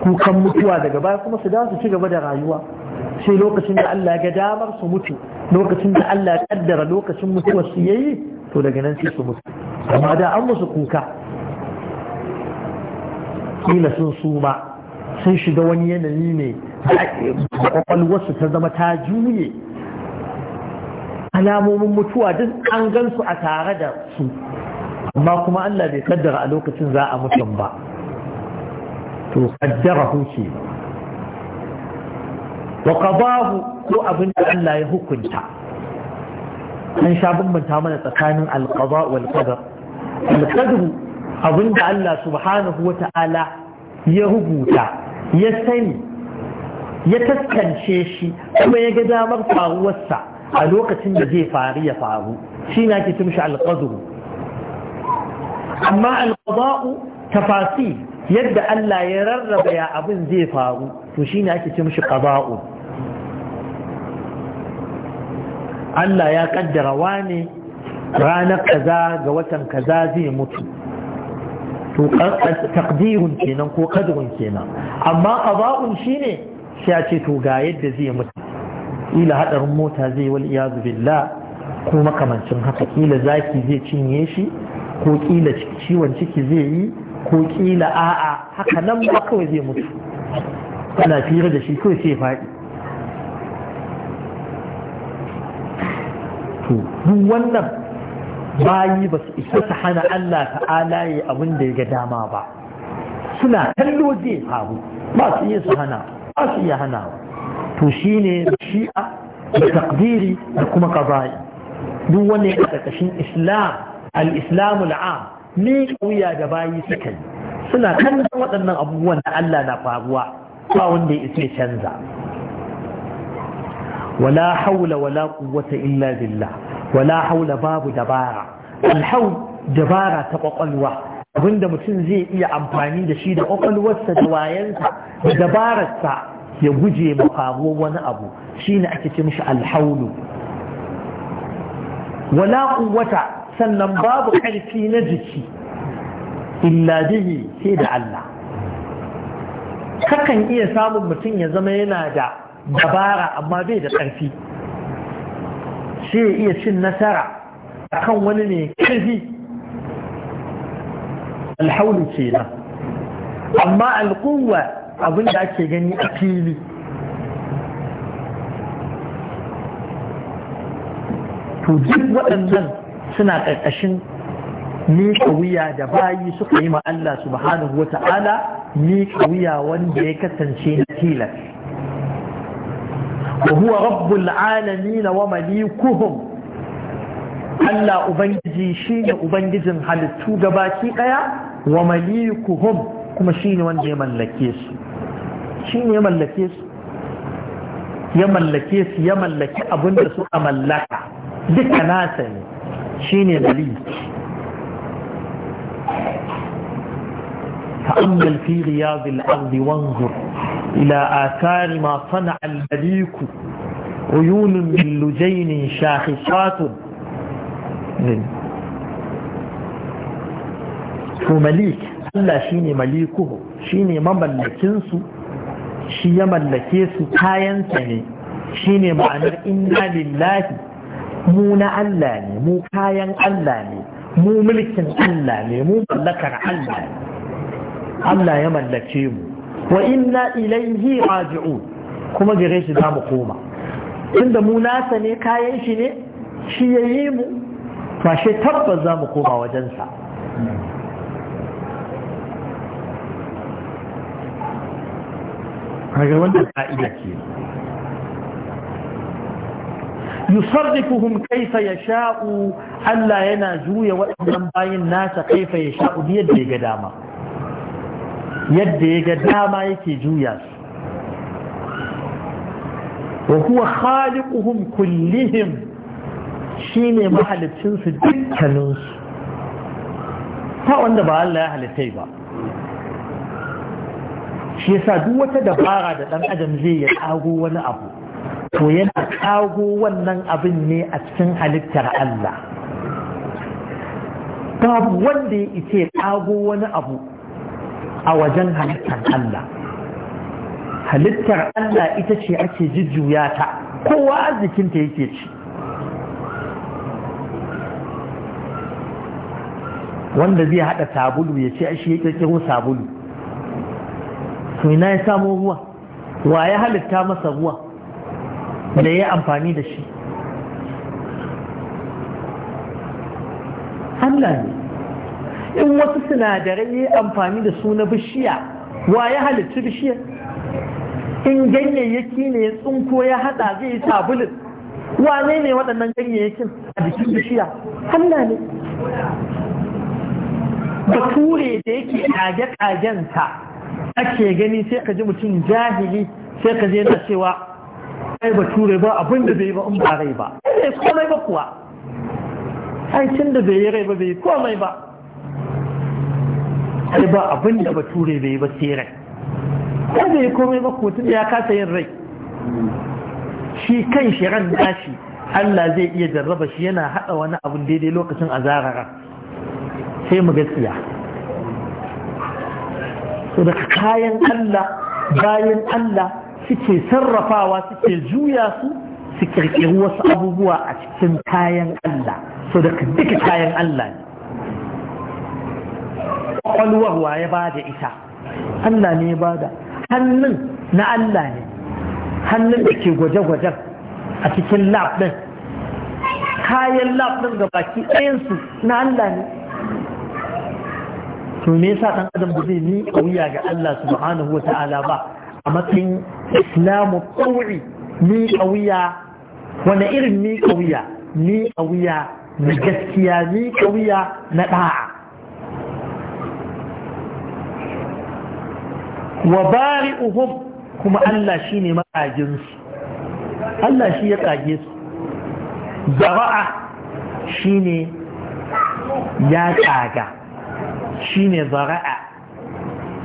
kukan mutuwa daga baya kuma su dawo su ci gaba da rayuwa sai lokacin da Allah ga damar su mutu lokacin da Allah ya kaddara lokacin mutuwar su yayi to daga nan sai su mutu amma da an musu kuka kila sun suma sun shiga wani yanayi ne kwakwalwarsu ta zama ta juye alamomin mutuwa duk an gansu a tare da su amma kuma Allah bai kaddara a lokacin za a mutum ba to qaddarahu shi wa qadahu ko abin da Allah ya hukunta an sha bambanta mana tsakanin alqada wal qadar alqadar abin da Allah subhanahu wa ta'ala ya rubuta ya sani ya taskance shi kuma ya ga damar faruwarsa a lokacin da zai faru ya faru shi na ke tumshi alƙaduru amma alƙada'u tafasi yadda Allah ya rarraba ya abin zai faru to shine ake ce mishi qada'u Allah ya kaddara ne ranar kaza ga watan kaza zai mutu to taqdirun kenan ko qadrun kenan amma qada'un shine sai a ce to ga yadda zai mutu ila hadarin mota zai wal iyazu billah ko makamancin haka kila zaki zai cinye shi ko kila ciwon ciki zai yi ko kila a'a haka nan ba kawai zai mutu ana fira da shi kawai sai faɗi to duk wannan bayi ba su isa su hana Allah ta'ala ya abin da ya ga dama ba suna kallo zai faru ba su iya su hana ba su iya hana to shine shi'a da takdiri da kuma kaza'i duk wannan a ƙarƙashin islam al-islamul ni wuya da bayi suka yi suna kallon waɗannan abubuwan da Allah na faruwa ba wanda ya isa canza wala haula wala quwwata illa billah wala haula babu dabara alhaul dabara ta kwakwalwa abinda mutum zai iya amfani da shi da kwakwalwarsa da wayansa da dabararsa ya guje ma faruwa wani abu shine ake ce mishi alhaulu wala quwwata sannan babu ƙarfi na jiki illa bihi sai da Allah kakan iya samun mutum ya zama yana da dabara amma bai da ƙarfi sai ya iya cin nasara akan wani ne ƙarfi alhaulu ce na. amma alƙuwa abin da ake gani a fili to duk waɗannan suna ƙarƙashin miƙa wuya da bayi suka yi ma Allah subhanahu wa ta'ala miƙa wuya wanda ya kasance na tilas wa huwa rabbul alamin wa malikuhum Allah ubangiji shine ubangijin halittu gabaki daya wa malikuhum kuma shine wanda ya mallake su shine ya mallake su ya mallake su ya mallaki abinda suka mallaka duka nasa ne شين يا دليل تأمل في غياب الأرض وانظر إلى آثار ما صنع المليك عيون من لجين شاخصات هو مليك ألا شين مليكه شين مملكنس شين مملكيس كاين شين معنى إنا لله mu na Allah ne mu kayan Allah ne mu mulkin Allah ne mu mallakar Allah ne Allah ya mallake mu wa inna ilaihi raji'un kuma gare shi za mu koma Inda mu nasa ne kayan shi ne shi ya yi mu ba shi tabbas za mu koma wajensa ga wannan ka'ida ce yusarrifuhum kaifa yasha'u Allah yana juya waɗannan bayin nasa kaifa yasha'u yadda ya ga dama yadda ya ga dama yake juya su wa huwa khaliquhum kullihim shine mahalicin su dukkanin su ta wanda ba Allah ya halittai ba shi yasa duk wata dabara da dan adam zai ya ɗago wani abu to yana kago wannan abin ne a cikin halittar Allah babu wanda ya ce kago wani abu a wajen halittar Allah halittar Allah ita ce ake jujjuyata, ta kowa arzikinta yake ci wanda zai haɗa sabulu ya ce ashe ya ƙirƙiro sabulu to ina ya samo ruwa wa ya halitta masa ruwa da ya amfani da shi Allah ne in wasu sinadarai ya amfani da su na bishiya wa ya halittu bishiyar in ganyayyaki ne ya tsunko ya hada zai yi sabulin wane ne waɗannan ganyayyakin a jikin bishiya Allah ne bature da yake kage-kagenta ake gani sai ka ji mutum jahili sai ka je na cewa ai ture ba abinda da bai ba in ba rai ba bai komai ba kuwa ai cin da bai yi rai ba bai komai ba ai ba abinda da ture bai ba sai rai ai bai komai ba kuwa tun da ya kasa yin rai shi kan shi ran dashi Allah zai iya jarraba shi yana haɗa wani abin daidai lokacin azarara sai mu gaskiya so daga kayan Allah bayan Allah suke sarrafawa suke juya su su kirkiri wasu abubuwa a cikin kayan Allah so da duka kayan Allah ne ƙwalwarwa ya ba bada ita Allah ne ya bada hannun na Allah ne hannun da ke gwaje-gwajen a cikin lab ɗin kayan lab ɗin ga baki ɗayansu na Allah ne to me yasa ɗan adam ba zai ni wuya ga Allah subhanahu wa ta'ala ba a matsayin إسلام الطوعي مي قوية ونئر مي قوية مي قوية نجسكيا مي قوية نباع وبارئهم كما ألا شيني ما أجنس ألا شيني ما أجنس براء شيني يا تاجا شيني ذراء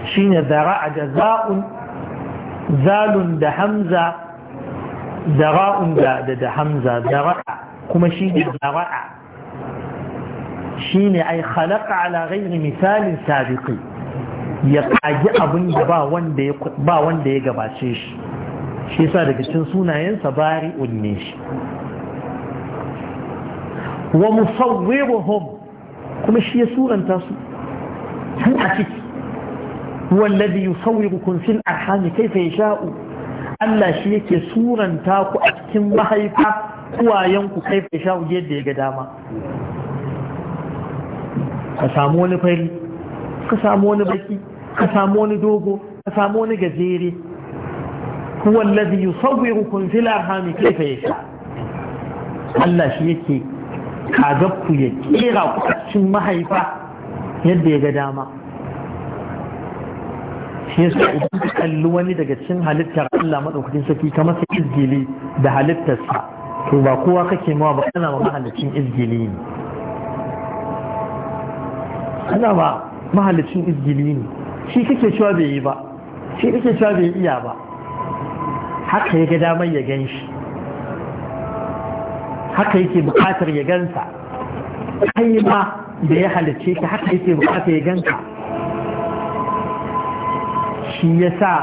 شيني ذراء جزاء zalun da hamza zara'un da da hamza ra'a kuma shi ne ra'a shi ne ai khalaqa ala ghairi misalin sabiqi ya kagi abin da ba wanda ya ba wanda ya gabace shi shi yasa daga cikin sunayensa bari'un shi wa musawwiruhum kuma shi ya suranta su a ciki هو الذي يصوركم في الأرحام كيف يشاء Allah shi yake suranta ku a cikin mahaifa uwayenku kai fa sha yadda ya ga dama ka samu wani fari ka samu wani baki ka samu wani dogo ka samu wani gajere kuwan huwa allazi yusawwirukum fil arham kayfa sha. Allah shi yake kaga ku ya kera ku a cikin mahaifa yadda ya ga dama shi yasa idan kalli wani daga cikin halittar Allah madaukakin sarki ka masa izgili da halittarsa to ba kowa kake mawa ba kana ma mahallicin izgili ne kana ma mahallicin izgili ne shi kake cewa bai yi ba shi kake cewa bai iya ba haka ya ga damar ya gan shi haka yake bukatar ya gansa kai ma da ya halicce ka haka yake bukatar ya ganka shi ya sa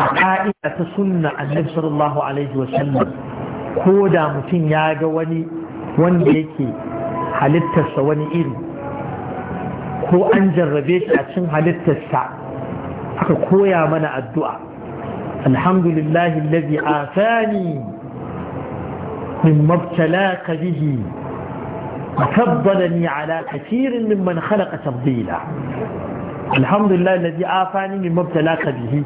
a ta sunna annabi sallallahu alaihi sallam ko da mutum ya ga wani wanda yake halittarsa wani iri ko an jarrabe shi a cin halittarsa aka koya mana addu'a alhamdulillahi lazi afani min mabtalaka bihi وفضلني على كثير ممن خلق تفضيلا alhamdulillah ji afani min ka bihi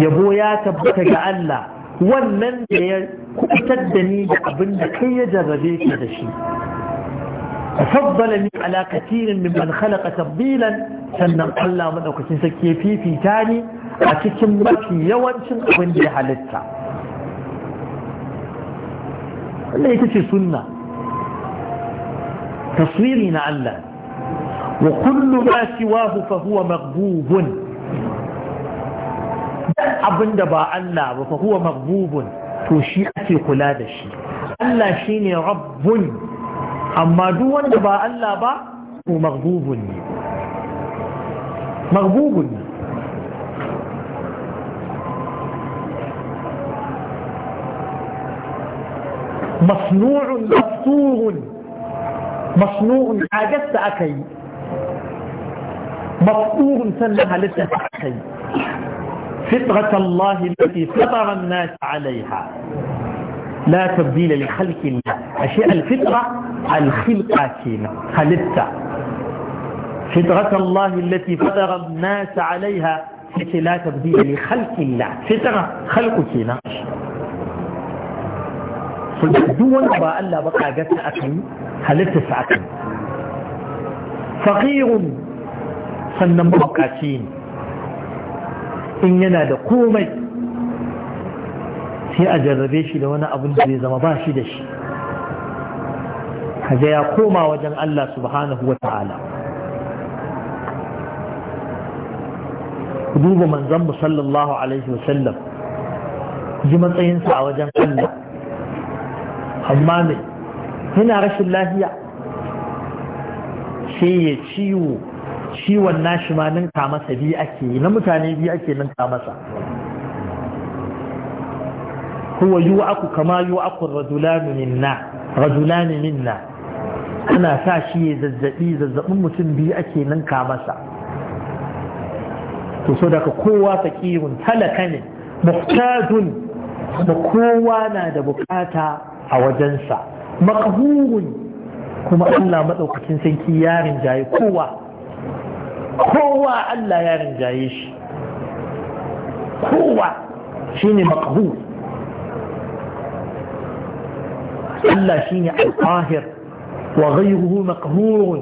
yabo ya tabbata ga Allah wannan da ya kubutar da ni da abin da kai ya jarrabe ka da shi tafaddalani ala katirin mimman khalaqa tabdilan sannan Allah madaukakin sarki fifita ni a cikin mafi yawancin abin da ya halitta wannan ita ce sunna taswiri na Allah وكل ما سواه فهو مغبوب abin da ba Allah ba fa huwa maghbubun to shi ake kula da shi Allah shine rabbun amma duk wanda ba Allah ba to maghbubun ne maghbubun ne مصنوع مفتوغ مصنوع حاجات أكيد مفطور سنة هلتا فطرة الله التي فطر الناس عليها لا تبديل لخلق الله أشياء الفطرة الخلقة كينا هلتا فطرة الله التي فطر الناس عليها التي لا تبديل لخلق الله فطرة خلق كينا فدون با ألا بقى جسأكم أكل سعكم فقير sannan mabukaci ne in yana da komai sai a jarrabe shi da wani abin da zai zama ba shi da shi kaga ya koma wajen Allah subhanahu wa ta'ala duba manzon mu sallallahu alaihi wasallam ji matsayinsa a wajen Allah amma ne yana rashin lafiya sai ya ciwo ciwon nashi ma ninka masa biyu ake na mutane biyu ake ninka masa huwa aku kama yu'aku rajulani minna rajulani minna ana sa shi ya zazzabi zazzabin mutum biyu ake ninka masa to so daga kowa fakirun talaka ne muhtajun kuma kowa na da bukata a wajensa makahurun kuma Allah maɗaukacin sarki yarin jaye kowa kowa Allah ya rinjaye shi kowa shine maqbul Allah shine al-qahir wa ghayruhu maqhur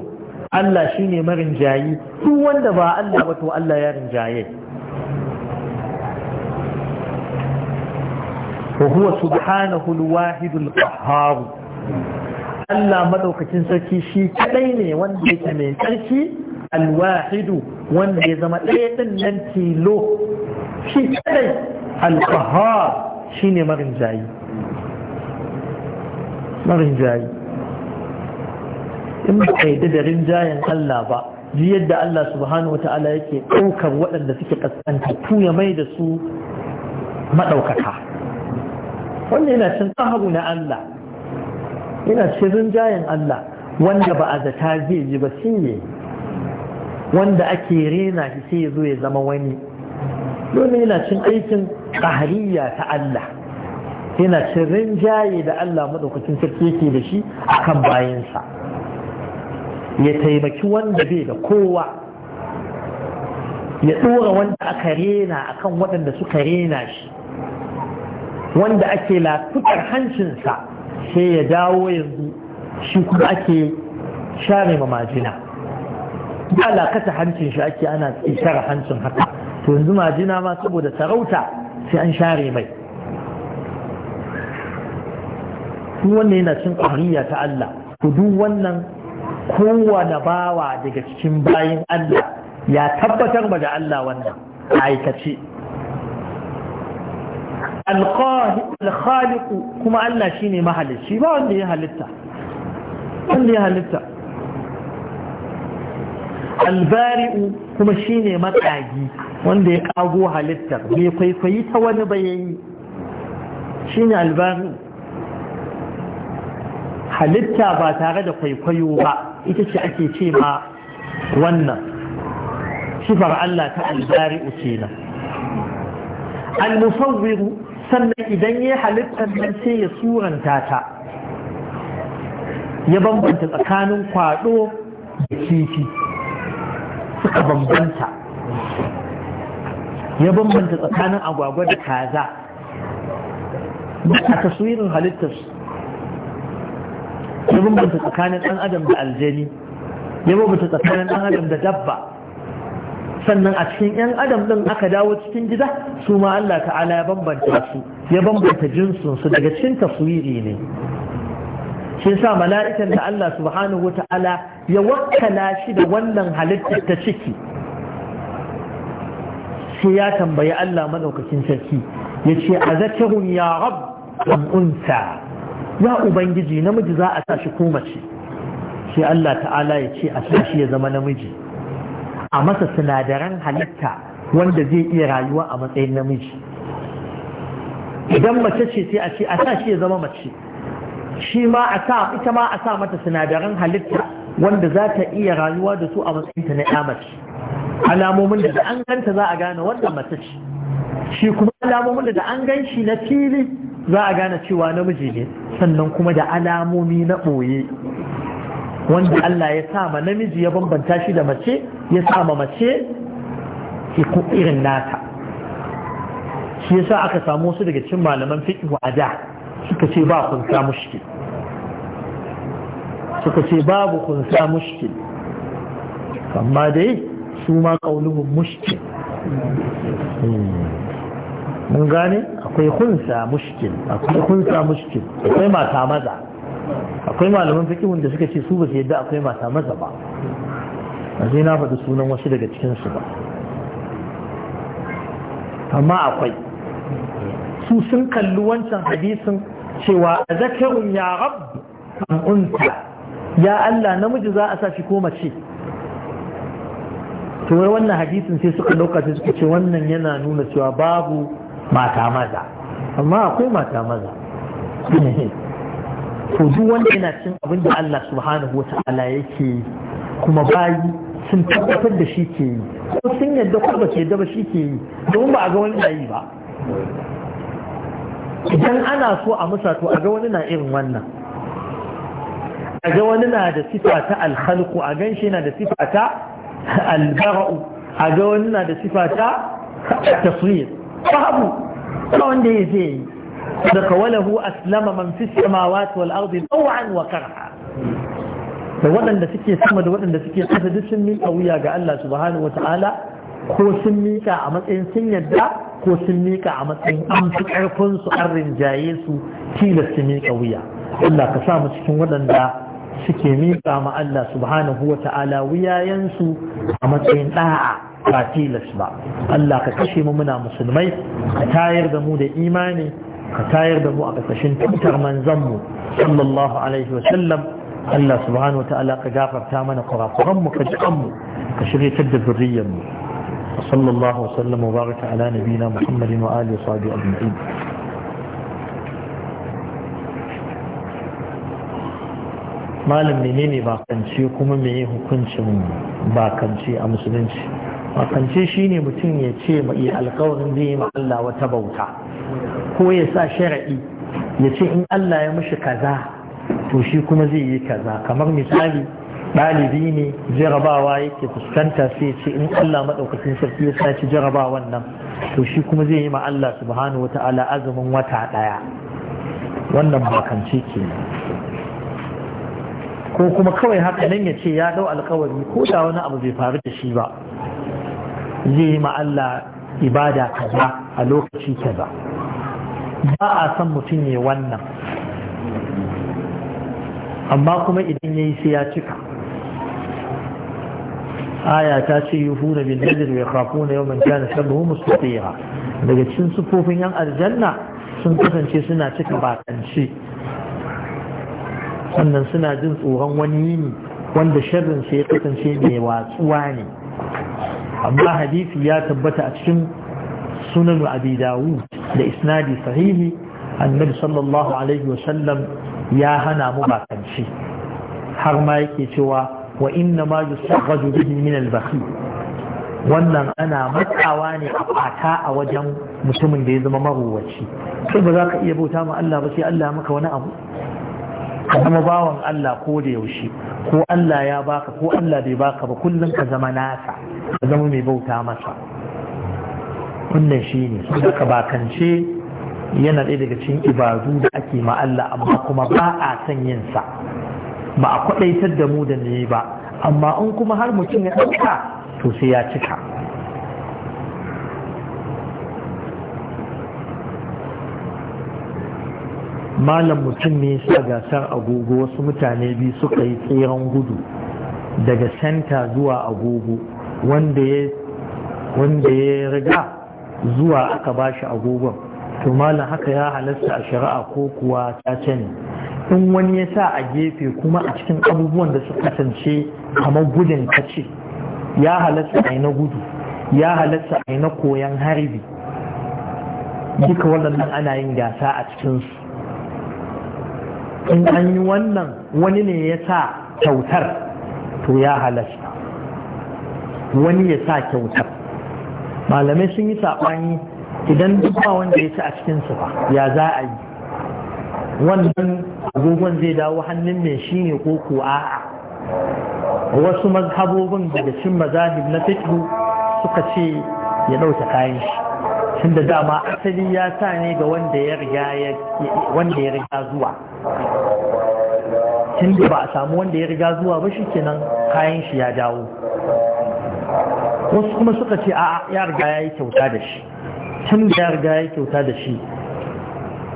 Allah shine marinjayi duk wanda ba Allah ba to Allah ya rinjaye wa huwa subhanahu al-wahid al-qahhar Allah madaukakin sarki shi kadai ne wanda yake mai tsarki alwahidu wanda ya zama ɗaya ɗin nan tilo shi kadai alqahar shi ne marin jayi in ba ka yi da rinjayen Allah ba ji yadda Allah subhanahu wa ta'ala yake ɗaukar waɗanda suke ƙasƙanta ya mai da su maɗaukaka wanda yana cin tsaharu na Allah yana cin rinjayen Allah wanda ba a zata zai yi ba shi ne wanda ake rena shi sai ya zo ya zama wani domin yana cin aikin ƙahariya ta Allah yana cin rinjaye da Allah maɗaukacin sarki yake da shi a kan bayansa ya taimaki wanda bai da kowa ya ɗora wanda aka rena akan kan waɗanda suka rena shi wanda ake lafukar hancinsa sai ya dawo yanzu shi kuma ake share mamajina ala kasa hancin shi ake ana tsara hancin haka to yanzu majina ma saboda sarauta sai an share mai duk wannan yana cin ƙwariya ta Allah ku duk wannan kowane bawa daga cikin bayan Allah ya tabbatar ba da Allah wannan aikace alƙaliku kuma Allah shine mahalicci ba wanda ya halitta wanda ya halitta albari'u kuma shine matsagi wanda ya kago halittar bai kwaikwayi ta wani bayani shine albari'u halitta ba tare da kwaikwayo ba ita ce ake ce ma wannan sifar Allah ta albari'u kenan al sannan idan ya halittar nan sai ya suranta ta ya bambanta tsakanin kwado da kifi suka bambanta ya bambanta tsakanin agwagwa da kaza a taswirin halittarsu ya bambanta tsakanin ɗan adam da aljani ya bambanta tsakanin ɗan adam da dabba sannan a cikin 'yan adam ɗin aka dawo cikin gida su ma Allah ta'ala ya bambanta su ya bambanta jinsunsu daga cikin taswiri ne shi yasa mala'ikan da Allah subhanahu wa ta'ala ya wakkala shi da wannan halittar ta ciki sai ya tambayi Allah maɗaukakin sarki ya ce a zakarun ya rab ya ubangiji namiji za a shi ko mace sai Allah ta'ala ya ce a shi ya zama namiji a masa sinadaran halitta wanda zai iya rayuwa a matsayin namiji idan mace ce sai a ce a shi ya zama mace shi ma a sa ita ma a sa mata sinadaran halitta wanda za ta iya rayuwa da su a matsayinta na ya mace alamomin da an ganta za a gane wannan mace ce shi kuma alamomin da an gan shi na fili za a gane cewa namiji ne sannan kuma da alamomi na ɓoye wanda Allah ya sa ma namiji ya bambanta shi da mace ya sa ma mace irin nata shi yasa aka samu wasu daga cikin malaman fiqh a da suka ce ba kunsa mushkil suka ce babu kunsa mushkil amma dai su ma kauluhun mushkil hmm. mun gane akwai kunsa mushkil akwai kunsa mushkil akwai mata maza akwai malaman fikihun da suka ce su ba su yadda akwai mata maza ba a zai na faɗi sunan wasu daga cikinsu ba amma akwai su sun kalli wancan hadisin cewa a zakarun ya rabu an unta ya Allah namiji za a sa shi ko mace to wai wannan hadisin sai suka dauka sai suka ce wannan yana nuna cewa babu mata maza amma akwai mata maza to duk wanda yana cin abin da Allah subhanahu wa ta'ala yake kuma bayi sun tabbatar da shi ke yi ko sun yadda ko ba ke yadda ba shi ke yi domin ba a ga wani yayi ba idan ana so a musa to a ga wani na irin wannan a ga wani na da sifa ta alhalku a gan shi na da sifa ta albara'u a ga wani na da sifa ta taswir babu ba wanda ya zai yi daga walahu aslama man fi ta wal ardi taw'an wa karha da waɗanda suke sama da waɗanda suke ƙasa duk sun miƙa wuya ga Allah subhanahu wa ta'ala ko sun miƙa a matsayin sun yadda ko sun miƙa a matsayin an fi ƙarfinsu an rinjaye su tilas su miƙa wuya Allah ka samu cikin waɗanda suke miƙa ma Allah subhanahu wa ta'ala wuyayensu a matsayin ɗa'a ba tilas ba Allah ka kashe mu muna musulmai ka tayar da mu da imani ka tayar da mu a ƙasashen tutar manzanmu sallallahu alaihi wa sallam Allah subhanahu wa ta'ala ka gafarta mana mu ka ji'anmu ka shirya da mu وصلى الله وسلم وبارك على نبينا محمد وآله وصحبه أجمعين malam menene bakanci kuma meye hukuncin bakanci a musulunci bakanci shine mutum ya ce mai alkawarin zai yi ma Allah wata bauta ko ya sa shara'i ya ce in Allah ya mashi kaza to shi kuma zai yi kaza kamar misali ɗalibi ne jarabawa yake fuskanta sai ce in Allah maɗaukacin sarki ya sace jarabawan nan to shi kuma zai yi ma Allah subhanahu wa ta'ala azumin wata ɗaya wannan bakance ke ko kuma kawai haka nan ya ce ya ɗau alkawari ko da wani abu bai faru da shi ba zai yi ma Allah ibada kaza a lokaci kaza ba a san mutum ya wannan amma kuma idan ya yi sai ya cika aya ta ce yuhuna bil nadir wa yakhafuna yawman kana sharruhu mustatira daga cikin sufofin yan aljanna sun kasance suna cika bakance sannan suna jin tsoron wani yini wanda sharrin sai ya kasance mai watsuwa ne amma hadisi ya tabbata a cikin sunan abi dawud da isnadi sahihi annabi sallallahu alaihi ya hana mu bakance har ma yake cewa wa inna ma yusaghaju bihi min al-bakhil wannan ana matsawa ne a fata a wajen mutumin da ya zama maruwaci sai ba za ka iya bauta ma Allah ba sai Allah maka wani abu ka zama bawan Allah ko da yaushe ko Allah ya baka ko Allah bai baka ba kullum ka zama nasa ka zama mai bauta masa wannan shine da bakance yana ɗaya daga cikin ibadu da ake ma Allah amma kuma ba a son yin sa ba a kwadaitar da mu da ne ba amma in kuma har mutum ya ɗauka to sai ya cika malam mutum ne sa gasar agogo wasu mutane biyu suka yi tseren gudu daga santa zuwa agogo wanda ya riga zuwa aka bashi agogon to malam haka ya halasta a shari'a ko kuwa ta ne in wani ya sa a gefe kuma a cikin abubuwan da su kasance kamar gudun kace ya halatta a na gudu ya halatta a na koyan harbi duka wannan ana yin gasa a cikinsu in an yi wannan wani ne ya sa kyautar to ya halasta wani ya sa kyautar malamai sun yi saɓani idan duk ba wanda ya ci a cikinsu ba ya za a yi wannan agogon zai dawo hannun mai shi ne ko ko a'a wasu mazhabobin daga cin mazahib na fitru suka ce ya ɗauke kayan shi tunda dama asali ya sa ne ga wanda ya riga zuwa. ya da ba a samu wanda ya riga zuwa ba shi kenan kayan shi ya dawo wasu kuma suka ce a ya riga ya yi kyauta da shi tun da ya riga ya yi kyauta da shi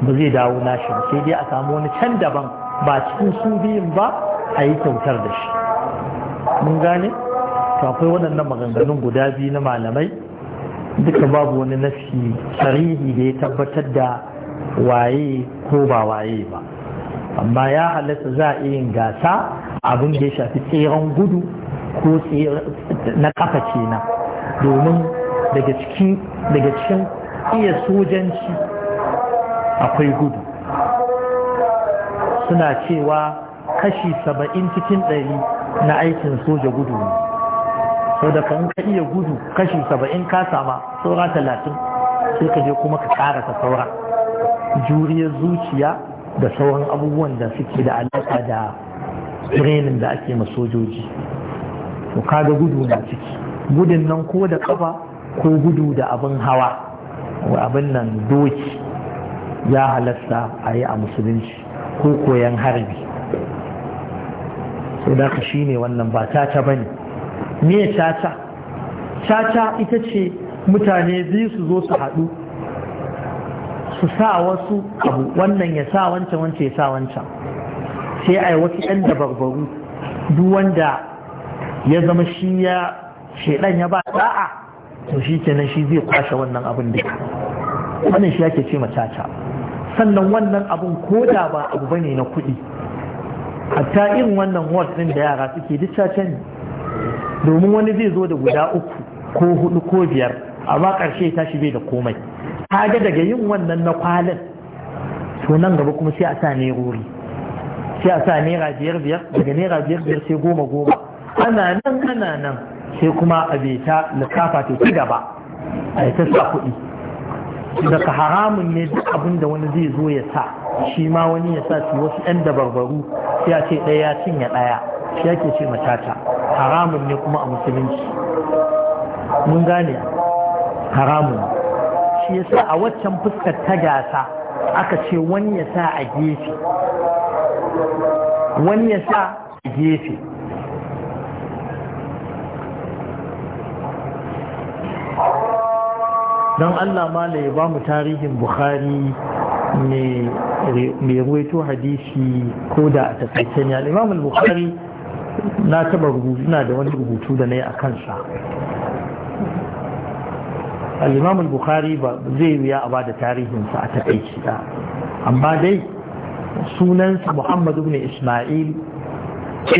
ba zai dawo nashi sai dai a samu wani can daban ba cikin su biyun ba a yi kyautar da shi mun gane to akwai waɗannan maganganun guda biyu na malamai duka babu wani nafi sarihi da ya tabbatar da waye ko ba waye ba amma ya halatta za a yin gasa abin da ya shafi tseren gudu ko na kafa kenan domin daga cikin iya sojanci akwai gudu suna cewa kashi saba'in cikin ɗari na aikin soja gudu ne sau da kan ka iya gudu kashi saba'in ka sama saura talatin sai ka je kuma ka ƙara ka saura juriyar zuciya da sauran abubuwan da suke da alaƙa da training da ake ma sojoji to kaga gudu na ciki gudun nan ko da ƙafa ko gudu da abin hawa ko abin nan doki ya halasta a yi a musulunci ko koyan harbi sai da shi ne wannan ba caca ba ne me caca caca ita ce mutane biyu su zo su haɗu su sa wasu abu wannan ya sa wancan wancan ya sa wancan sai a yi wasu dabarbaru duk wanda ya zama shi ya shaidan ya ba da'a to shi kenan shi zai kwashe wannan abin duka wannan shi yake ce ma caca sannan wannan abun ko da ba abu bane na kuɗi hatta irin wannan ward ɗin da yara suke duk ne domin wani zai zo da guda uku ko hudu ko biyar amma ƙarshe shi bai da komai kaga daga yin wannan na kwalin to nan gaba kuma sai a sa ne ruri sai a sa naira biyar biyar daga naira biyar biyar sai goma goma ana nan ana nan sai kuma a bai ta lissafa ta ci gaba a ta sa kuɗi daga haramun ne duk abin da wani zai zo ya sa shi ma wani ya sa su wasu 'yan dabarbaru ya ce ɗaya ya cinye ɗaya shi yake ce matata haramun ne kuma a musulunci mun gane haramun shi ya sa a waccan fuskar ta gasa aka ce wani ya sa a gefe wani ya sa a gefe don Allah mala ya ba mu tarihin bukhari mai ruwaito hadisi ko da a takaicen ya imam al-bukhari na taba rubutu na da wani rubutu da na yi a kansa al-imam al-bukhari ba zai wuya a bada tarihinsa a takaici da amma dai sunansa muhammad ibn isma'il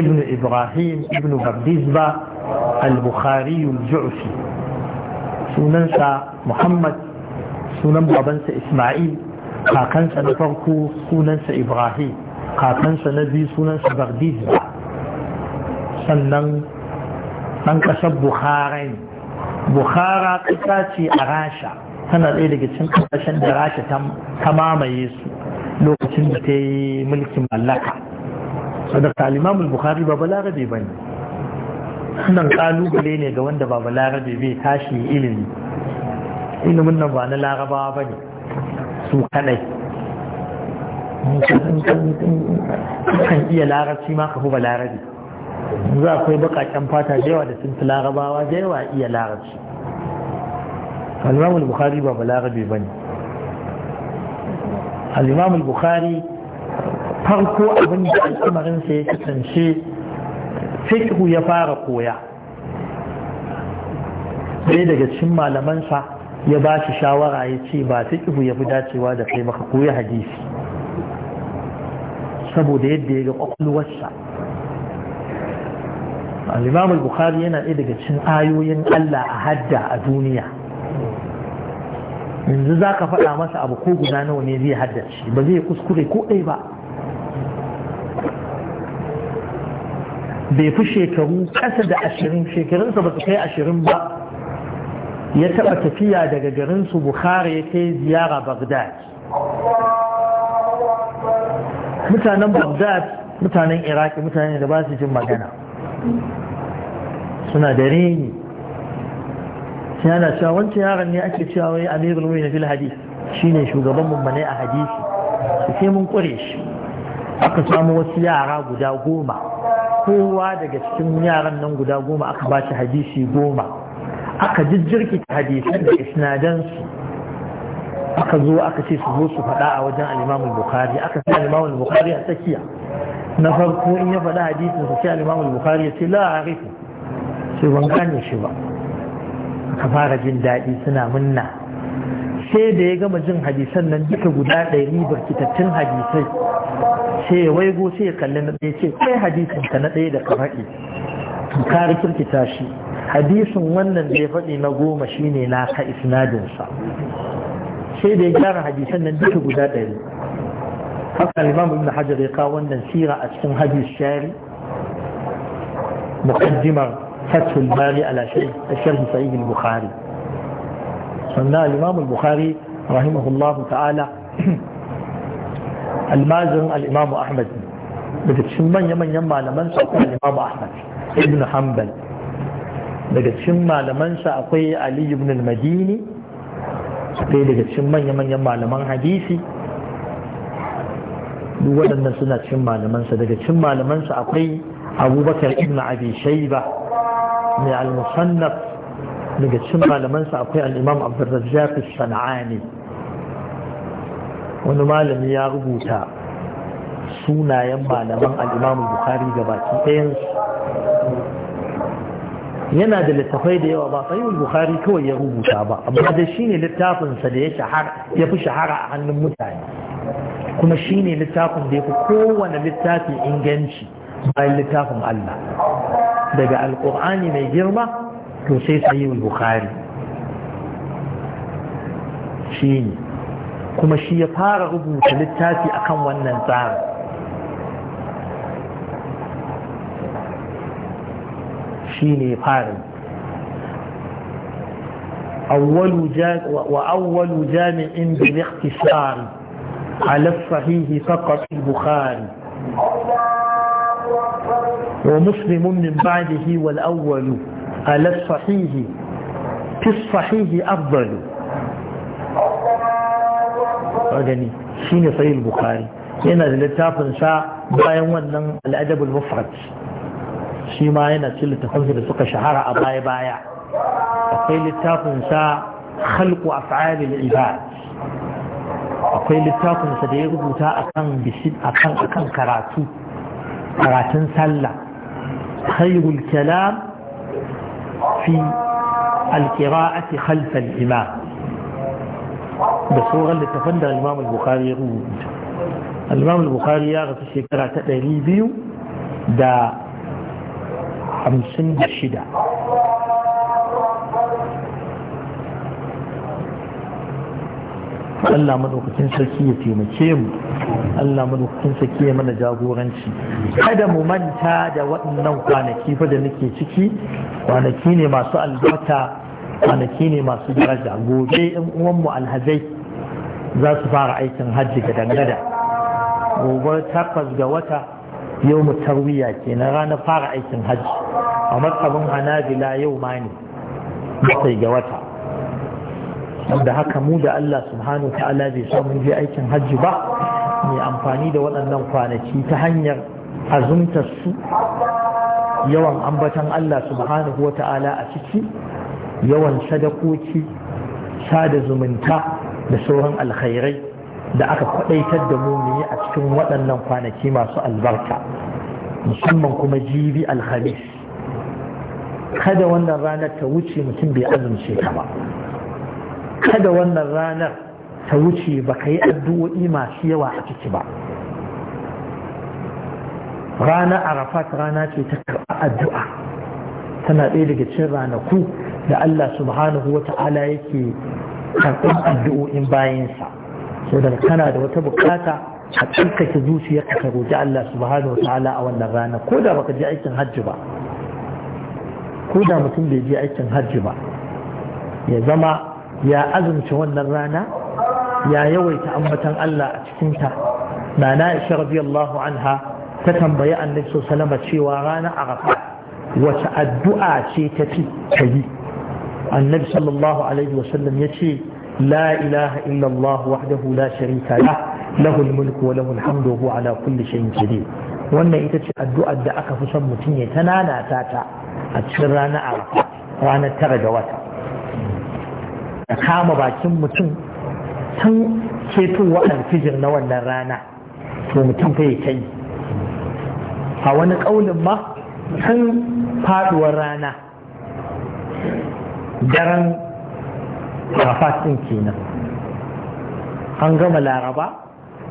ibn ibrahim ibn bardizba al-bukhari al-ju'fi sunansa muhammad sunan babansa ismail kakansa na farko sunansa ibrahim kakansa na biyu sunansa bardizba sannan ɗan ƙasar Bukhara ne Bukhara ƙasa ce a rasha tana ɗaya daga cikin ƙasashen da rasha ta mamaye su lokacin da ta yi mulkin mallaka sadaka alimamul buhari ba balarabe ba ne nan kalubale ne ga wanda ba Larabe bai tashi ilimi ilimin nan ba na larabawa ba ne su kanai kan iya larabci ma kafu fi balarabe za kai bakakken fata da yawa da sun fi larabawa da yawa iya larabci alimamul bukhari ba Larabe ba ne alimamul bukhari farko abin da al'amarinsa ya kasance fiqhu ya fara koya sai daga cikin malamansa ya ba shi shawara ya ce ba fiqhu ya fi dacewa da kai maka koya hadisi saboda yadda ya ga kwakwalwarsa al al-bukhari yana ɗaya daga cikin ayoyin Allah a hadda a duniya yanzu za ka faɗa masa abu ko guda nawa ne zai haddace ba zai kuskure ko ɗaya ba bai fi shekaru kasa da ashirin shekarunsa ba su kai ashirin ba ya taba tafiya daga garin su bukhari ya kai ziyara bagdad mutanen bagdad mutanen iraki mutane da ba su jin magana suna da reni yana cewa wancan yaron ne ake cewa wai amirul mu'minin fil hadith shine shugaban mummane a hadisi sai mun kure shi aka samu wasu yara guda goma kowa daga cikin yaran nan guda goma aka ba shi hadisi goma aka jijjirki hadisan da isnadansu aka zo aka ce su zo su faɗa a wajen alimamu bukari aka sai alimamu bukari a tsakiya na farko in ya faɗa hadisin su sai alimamu bukari ya ce la sai ban gane shi ba aka fara jin daɗi suna munna sai da ya gama jin hadisan nan duka guda ɗari barkitattun hadisai sai wai waigo sai ya kalli na ɗaya ce kai hadisin ka na ɗaya da ka faɗi kirkita shi hadisin wannan da ya faɗi na goma shine na ka isnadinsa sai da ya gyara hadisan nan duka guda ɗari haka imam ibn hajar ya kawo wannan sira a cikin hadis shari muqaddimar fathul bari ala sharh sahih bukhari sannan imam al-bukhari rahimahullahu ta'ala almazin al'imamu ahmad daga cikin manya-manyan malamansa akwai al'imamu ahmad ibn hanbal daga cikin malamansa akwai ali ibn al-madini sai daga cikin manya-manyan malaman hadisi duk waɗannan suna cikin malamansa daga cikin malamansa akwai abubakar ibn abi shaiba mai al-musannaf daga cikin malamansa akwai al-imam abdurrazzaq as-sanani wani malami ya rubuta sunayen malaman al'imamu bukari ga baki ɗayansu yana da littafai da yawa ba sahihul bukhari kawai ya rubuta ba amma da shine littafinsa da ya shahara fi shahara a hannun mutane kuma shine littafin da ya fi kowane littafi inganci bayan littafin Allah daga alkur'ani mai girma to sai sahihul bukhari shine kuma shi ya fara rubuta littafi akan wannan tsarin shi ne fara وأول جامع بالاختصار على الصحيح فقط البخاري ومسلم من بعده والأول على الصحيح في الصحيح أفضل gani shine sahih bukhari yana da littafin sa bayan wannan al-adab al-mufrad shi ma yana cikin littafin da suka shahara a baya baya akwai littafin sa khalqu af'al al-ibad akwai littafin sa da ya rubuta akan bishi akan akan karatu karatun sallah khairul kalam fi al-qira'ati khalf al-imam da sauran littafin da imam al-bukhari ya rubuta al-imam al-bukhari ya rasu shekara ta ɗari biyu da hamsin da shida Allah madaukakin sarki ya taimake mu Allah madaukakin sarki ya mana jagoranci kada mu manta da waɗannan kwanaki fa da nake ciki kwanaki ne masu albarka kwanaki ne masu daraja gobe ɗan uwanmu alhazai za su fara aikin hajji ga dangada gobe takwas ga wata yau mu tarwiya ke na ranar fara aikin hajji a matsabin hanabila yau ma ne bakwai ga wata da haka mu da Allah subhanahu ta'ala bai sa mun je aikin hajji ba mai amfani da waɗannan kwanaki ta hanyar azumtar su yawan ambatan Allah subhanahu ta'ala a ciki yawan sadakoki sada zumunta da sauran alkhairai da aka kwadaitar da mu a cikin waɗannan kwanaki masu albarka musamman kuma jibi alhamis kada wannan ranar ta wuce mutum bai azumce ta ba kada wannan ranar ta wuce ba ka yi addu'o'i masu yawa a ciki ba rana arafat rana ce ta karɓa addu'a tana ɗaya daga cikin ranaku da Allah subhanahu wa ta'ala yake karɓar addu'o'in bayansa so da kana da wata bukata a tsarkake zuciya ka roƙi Allah subhanahu ta'ala a wannan rana ko da baka je aikin hajji ba ko da mutum bai je aikin hajji ba ya zama ya azumci wannan rana ya yawaita ambatan Allah a cikinta na na isha radiyallahu anha ta tambayi annabi sallallahu alaihi wasallam cewa rana arafa wace addu'a ce ta fi ta yi annabi sallallahu alaihi wasallam ya ce la ilaha illallah wahdahu la sharika lah lahul mulku wa lahul hamdu wa huwa ala kulli shay'in qadir wannan ita ce addu'ar da aka fi son mutum ya tanana ta ta a cikin ranar arafa ranar tara ga wata ka kama bakin mutum tun ketowa alfijir na wannan rana to mutum ka ya kai a wani ƙaunin ma tun faɗuwar rana daren arafat ɗin kenan an gama laraba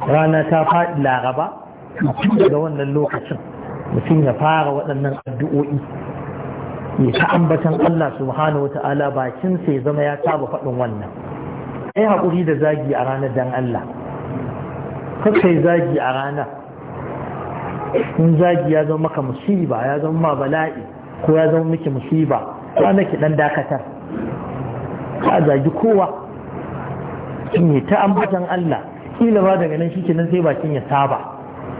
rana ta faɗi laraba tun daga wannan lokacin mutum ya fara waɗannan addu'o'i ya ta ambatan Allah subhanahu wata'ala bakin sai zama ya saba faɗin wannan ai haƙuri da zagi a ranar dan Allah kakai zagi a rana in zagi ya zama maka musiba ya zama ma bala'i ko ya zama miki musiba ranar ki dan dakatar ka zagi kowa ne ta ambatan Allah kila ba daga nan shi nan sai bakin ya saba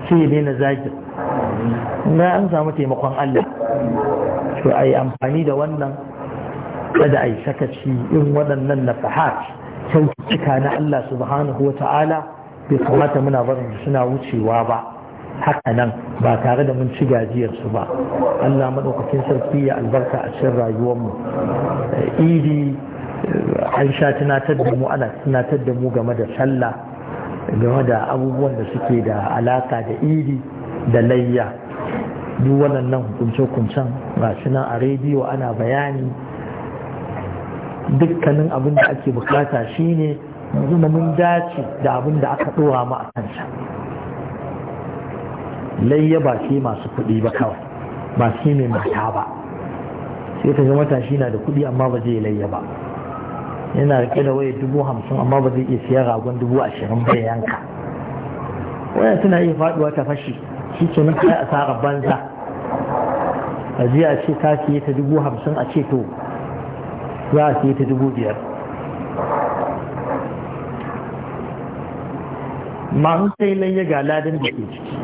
sai ya daina zagin na an samu taimakon Allah to a yi amfani da wannan kada a yi sakaci in waɗannan na fahat kyaututtuka na Allah subhanahu wa ta'ala bai kamata muna barin suna wucewa ba haka nan ba tare da mun ci gajiyarsu ba Allah maɗaukakin sarki ya albarka a cikin rayuwarmu idi aisha sha tunatar da mu ana tunatar da mu game da sallah game da abubuwan da suke da alaka da iri da layya duk nan hukunce-hukuncen ga nan a rediyo ana bayani dukkanin abin da ake bukata shine zuma mun dace da abin da aka ɗora mu a kansa layya ba ce masu kuɗi ba kawai ba shi mai mata ba sai ka ga matashi na da kuɗi amma ba zai layya ba yana rike da waya dubu hamsin amma ba zai iya siya ragon dubu ashirin ba yanka waya tana iya faduwa ta fashi shi ke nan kai tsara banza a ji a ce ta siye ta dubu hamsin a ce to za a siye ta dubu biyar ma'an sai layya ga ladan da ke ciki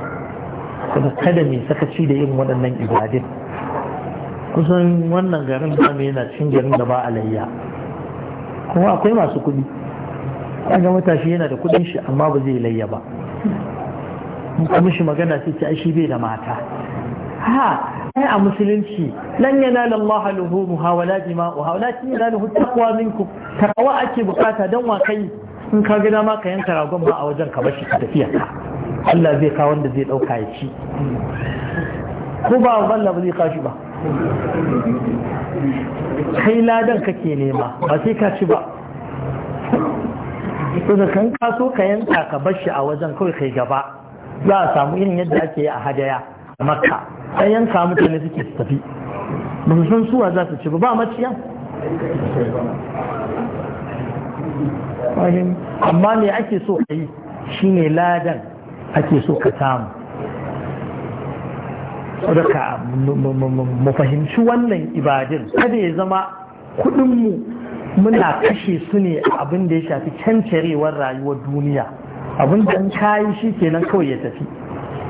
kuma kada mai sakaci da yin waɗannan ibadin kusan wannan garin ba yana cin garin da ba a layya kuma akwai masu kuɗi an ga matashi yana da kuɗin shi amma ba zai layya ba kuma shi magana sai ce ai shi bai da mata ha ai a musulunci lan yanala Allah luhumuha wala dima'uha walakin yanaluhu taqwa minkum taqwa ake bukata dan wa kai in ka ga dama ka yanka ragon ba a wajen ka bashi tafiya Allah zai kawo wanda zai ɗauka ya ci ko ba wallah ba zai kashi ba kai ladan kake nema ba sai ka ci ba da kan kaso ka yanka ka bashi a wajen kawai kai gaba za a samu irin yadda ake a hadaya a makka sai yanka mutane suke su tafi ba san suwa za su ci ba ba maciyan amma me ake so ka shine ladan ake so ka samu mu fahimci wannan ibadin kada ya zama kudinmu muna kashe su ne abin da ya shafi cancarewar rayuwar duniya abin da an kayi shi kenan kawai ya tafi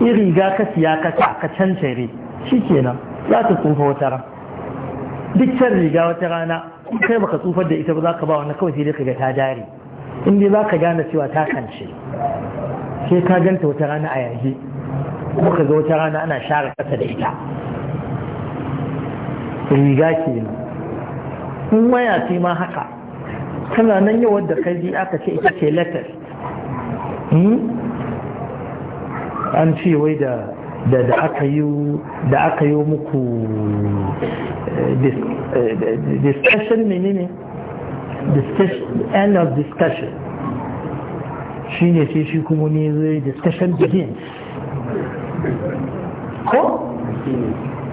in riga ka siya ka sa ka cancare shi kenan za ta tsufa wata ran duk can riga wata rana in kai baka tsufar da ita ba za ka ba wani kawai sai dai ka ga ta dare in dai za ka gane cewa ta kance sai ka ganta wata rana a yage kuma ka ga wata rana ana share ƙasa da ita riga ke nan in waya ce ma haka tana nan yau wadda ka ji aka ce ita ce letter hmm? an ce wai da da aka yi da aka yi muku eh, eh, discussion menene end of discussion shi ne sai shi kuma ne zai discussion begins ko?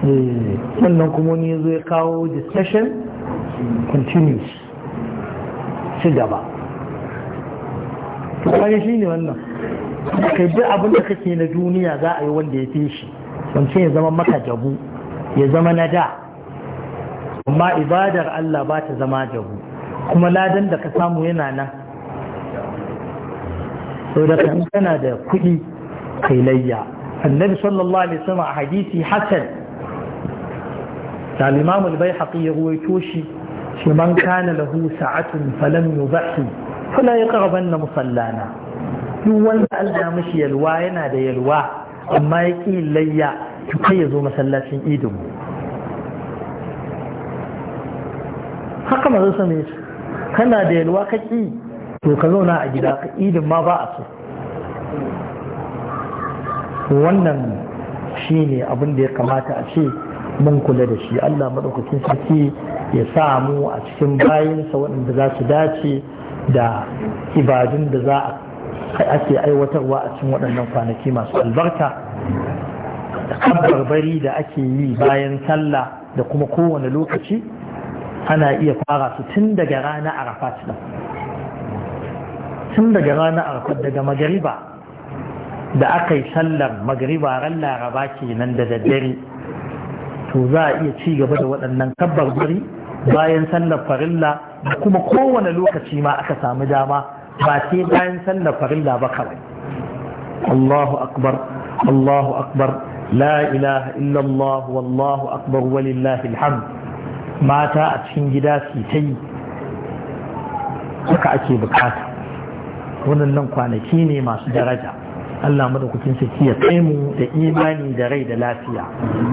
Eh, wannan kuma ne ya ya kawo discussion continues ci gaba kwaye shi ne wannan kai duk abin da kake na duniya za a yi wanda ya fi shi wancan ya zama maka jabu ya zama na da amma ibadar Allah ba ta zama jabu kuma ladan da ka samu yana nan sau da kana da kuɗi kai layya annabi sallallahu alaihi wasallam a hadisi hasan da al-imam al-baihaqi ya ruwaito shi shi man kana lahu sa'atun falam yudhi fala yaqrabanna musallana duk wanda Allah ya mishi yalwa yana da yalwa amma ya layya to kai ya zo masallacin idin haka mazan sami kana da yalwa ka ƙi zauna a gida idin ma ba so wannan shi ne abin da ya kamata a ce mun kula da shi allah maɗaukacin sarki ya samu a cikin bayansa waɗanda za su dace da ibadun da za a ake aiwatarwa a cikin waɗannan kwanaki masu albarka barbari da ake yi bayan sallah da kuma kowane lokaci ana iya fara su tun daga rana arafat tun daga rana arafat daga magariba da aka yi sallar magariba ran laraba kenan da daddare to za a iya ci gaba da waɗannan kabbar guri bayan sallar farilla da kuma kowane lokaci ma aka samu dama ba sai bayan sallar farilla ba kawai Allahu akbar Allahu akbar la ilaha illallah wallahu akbar walillahi alhamd mata a cikin gida su ta yi haka ake bukata wannan kwanaki ne masu daraja Allah madaukakin sarki ya kai mu da imani da rai da lafiya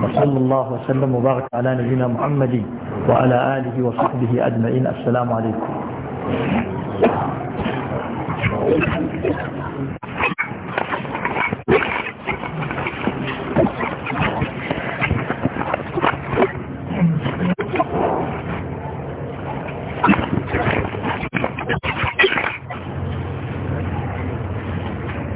wa sallallahu wasallam mubarak ala nabiyina muhammadin wa ala alihi wa sahbihi ajma'in assalamu alaikum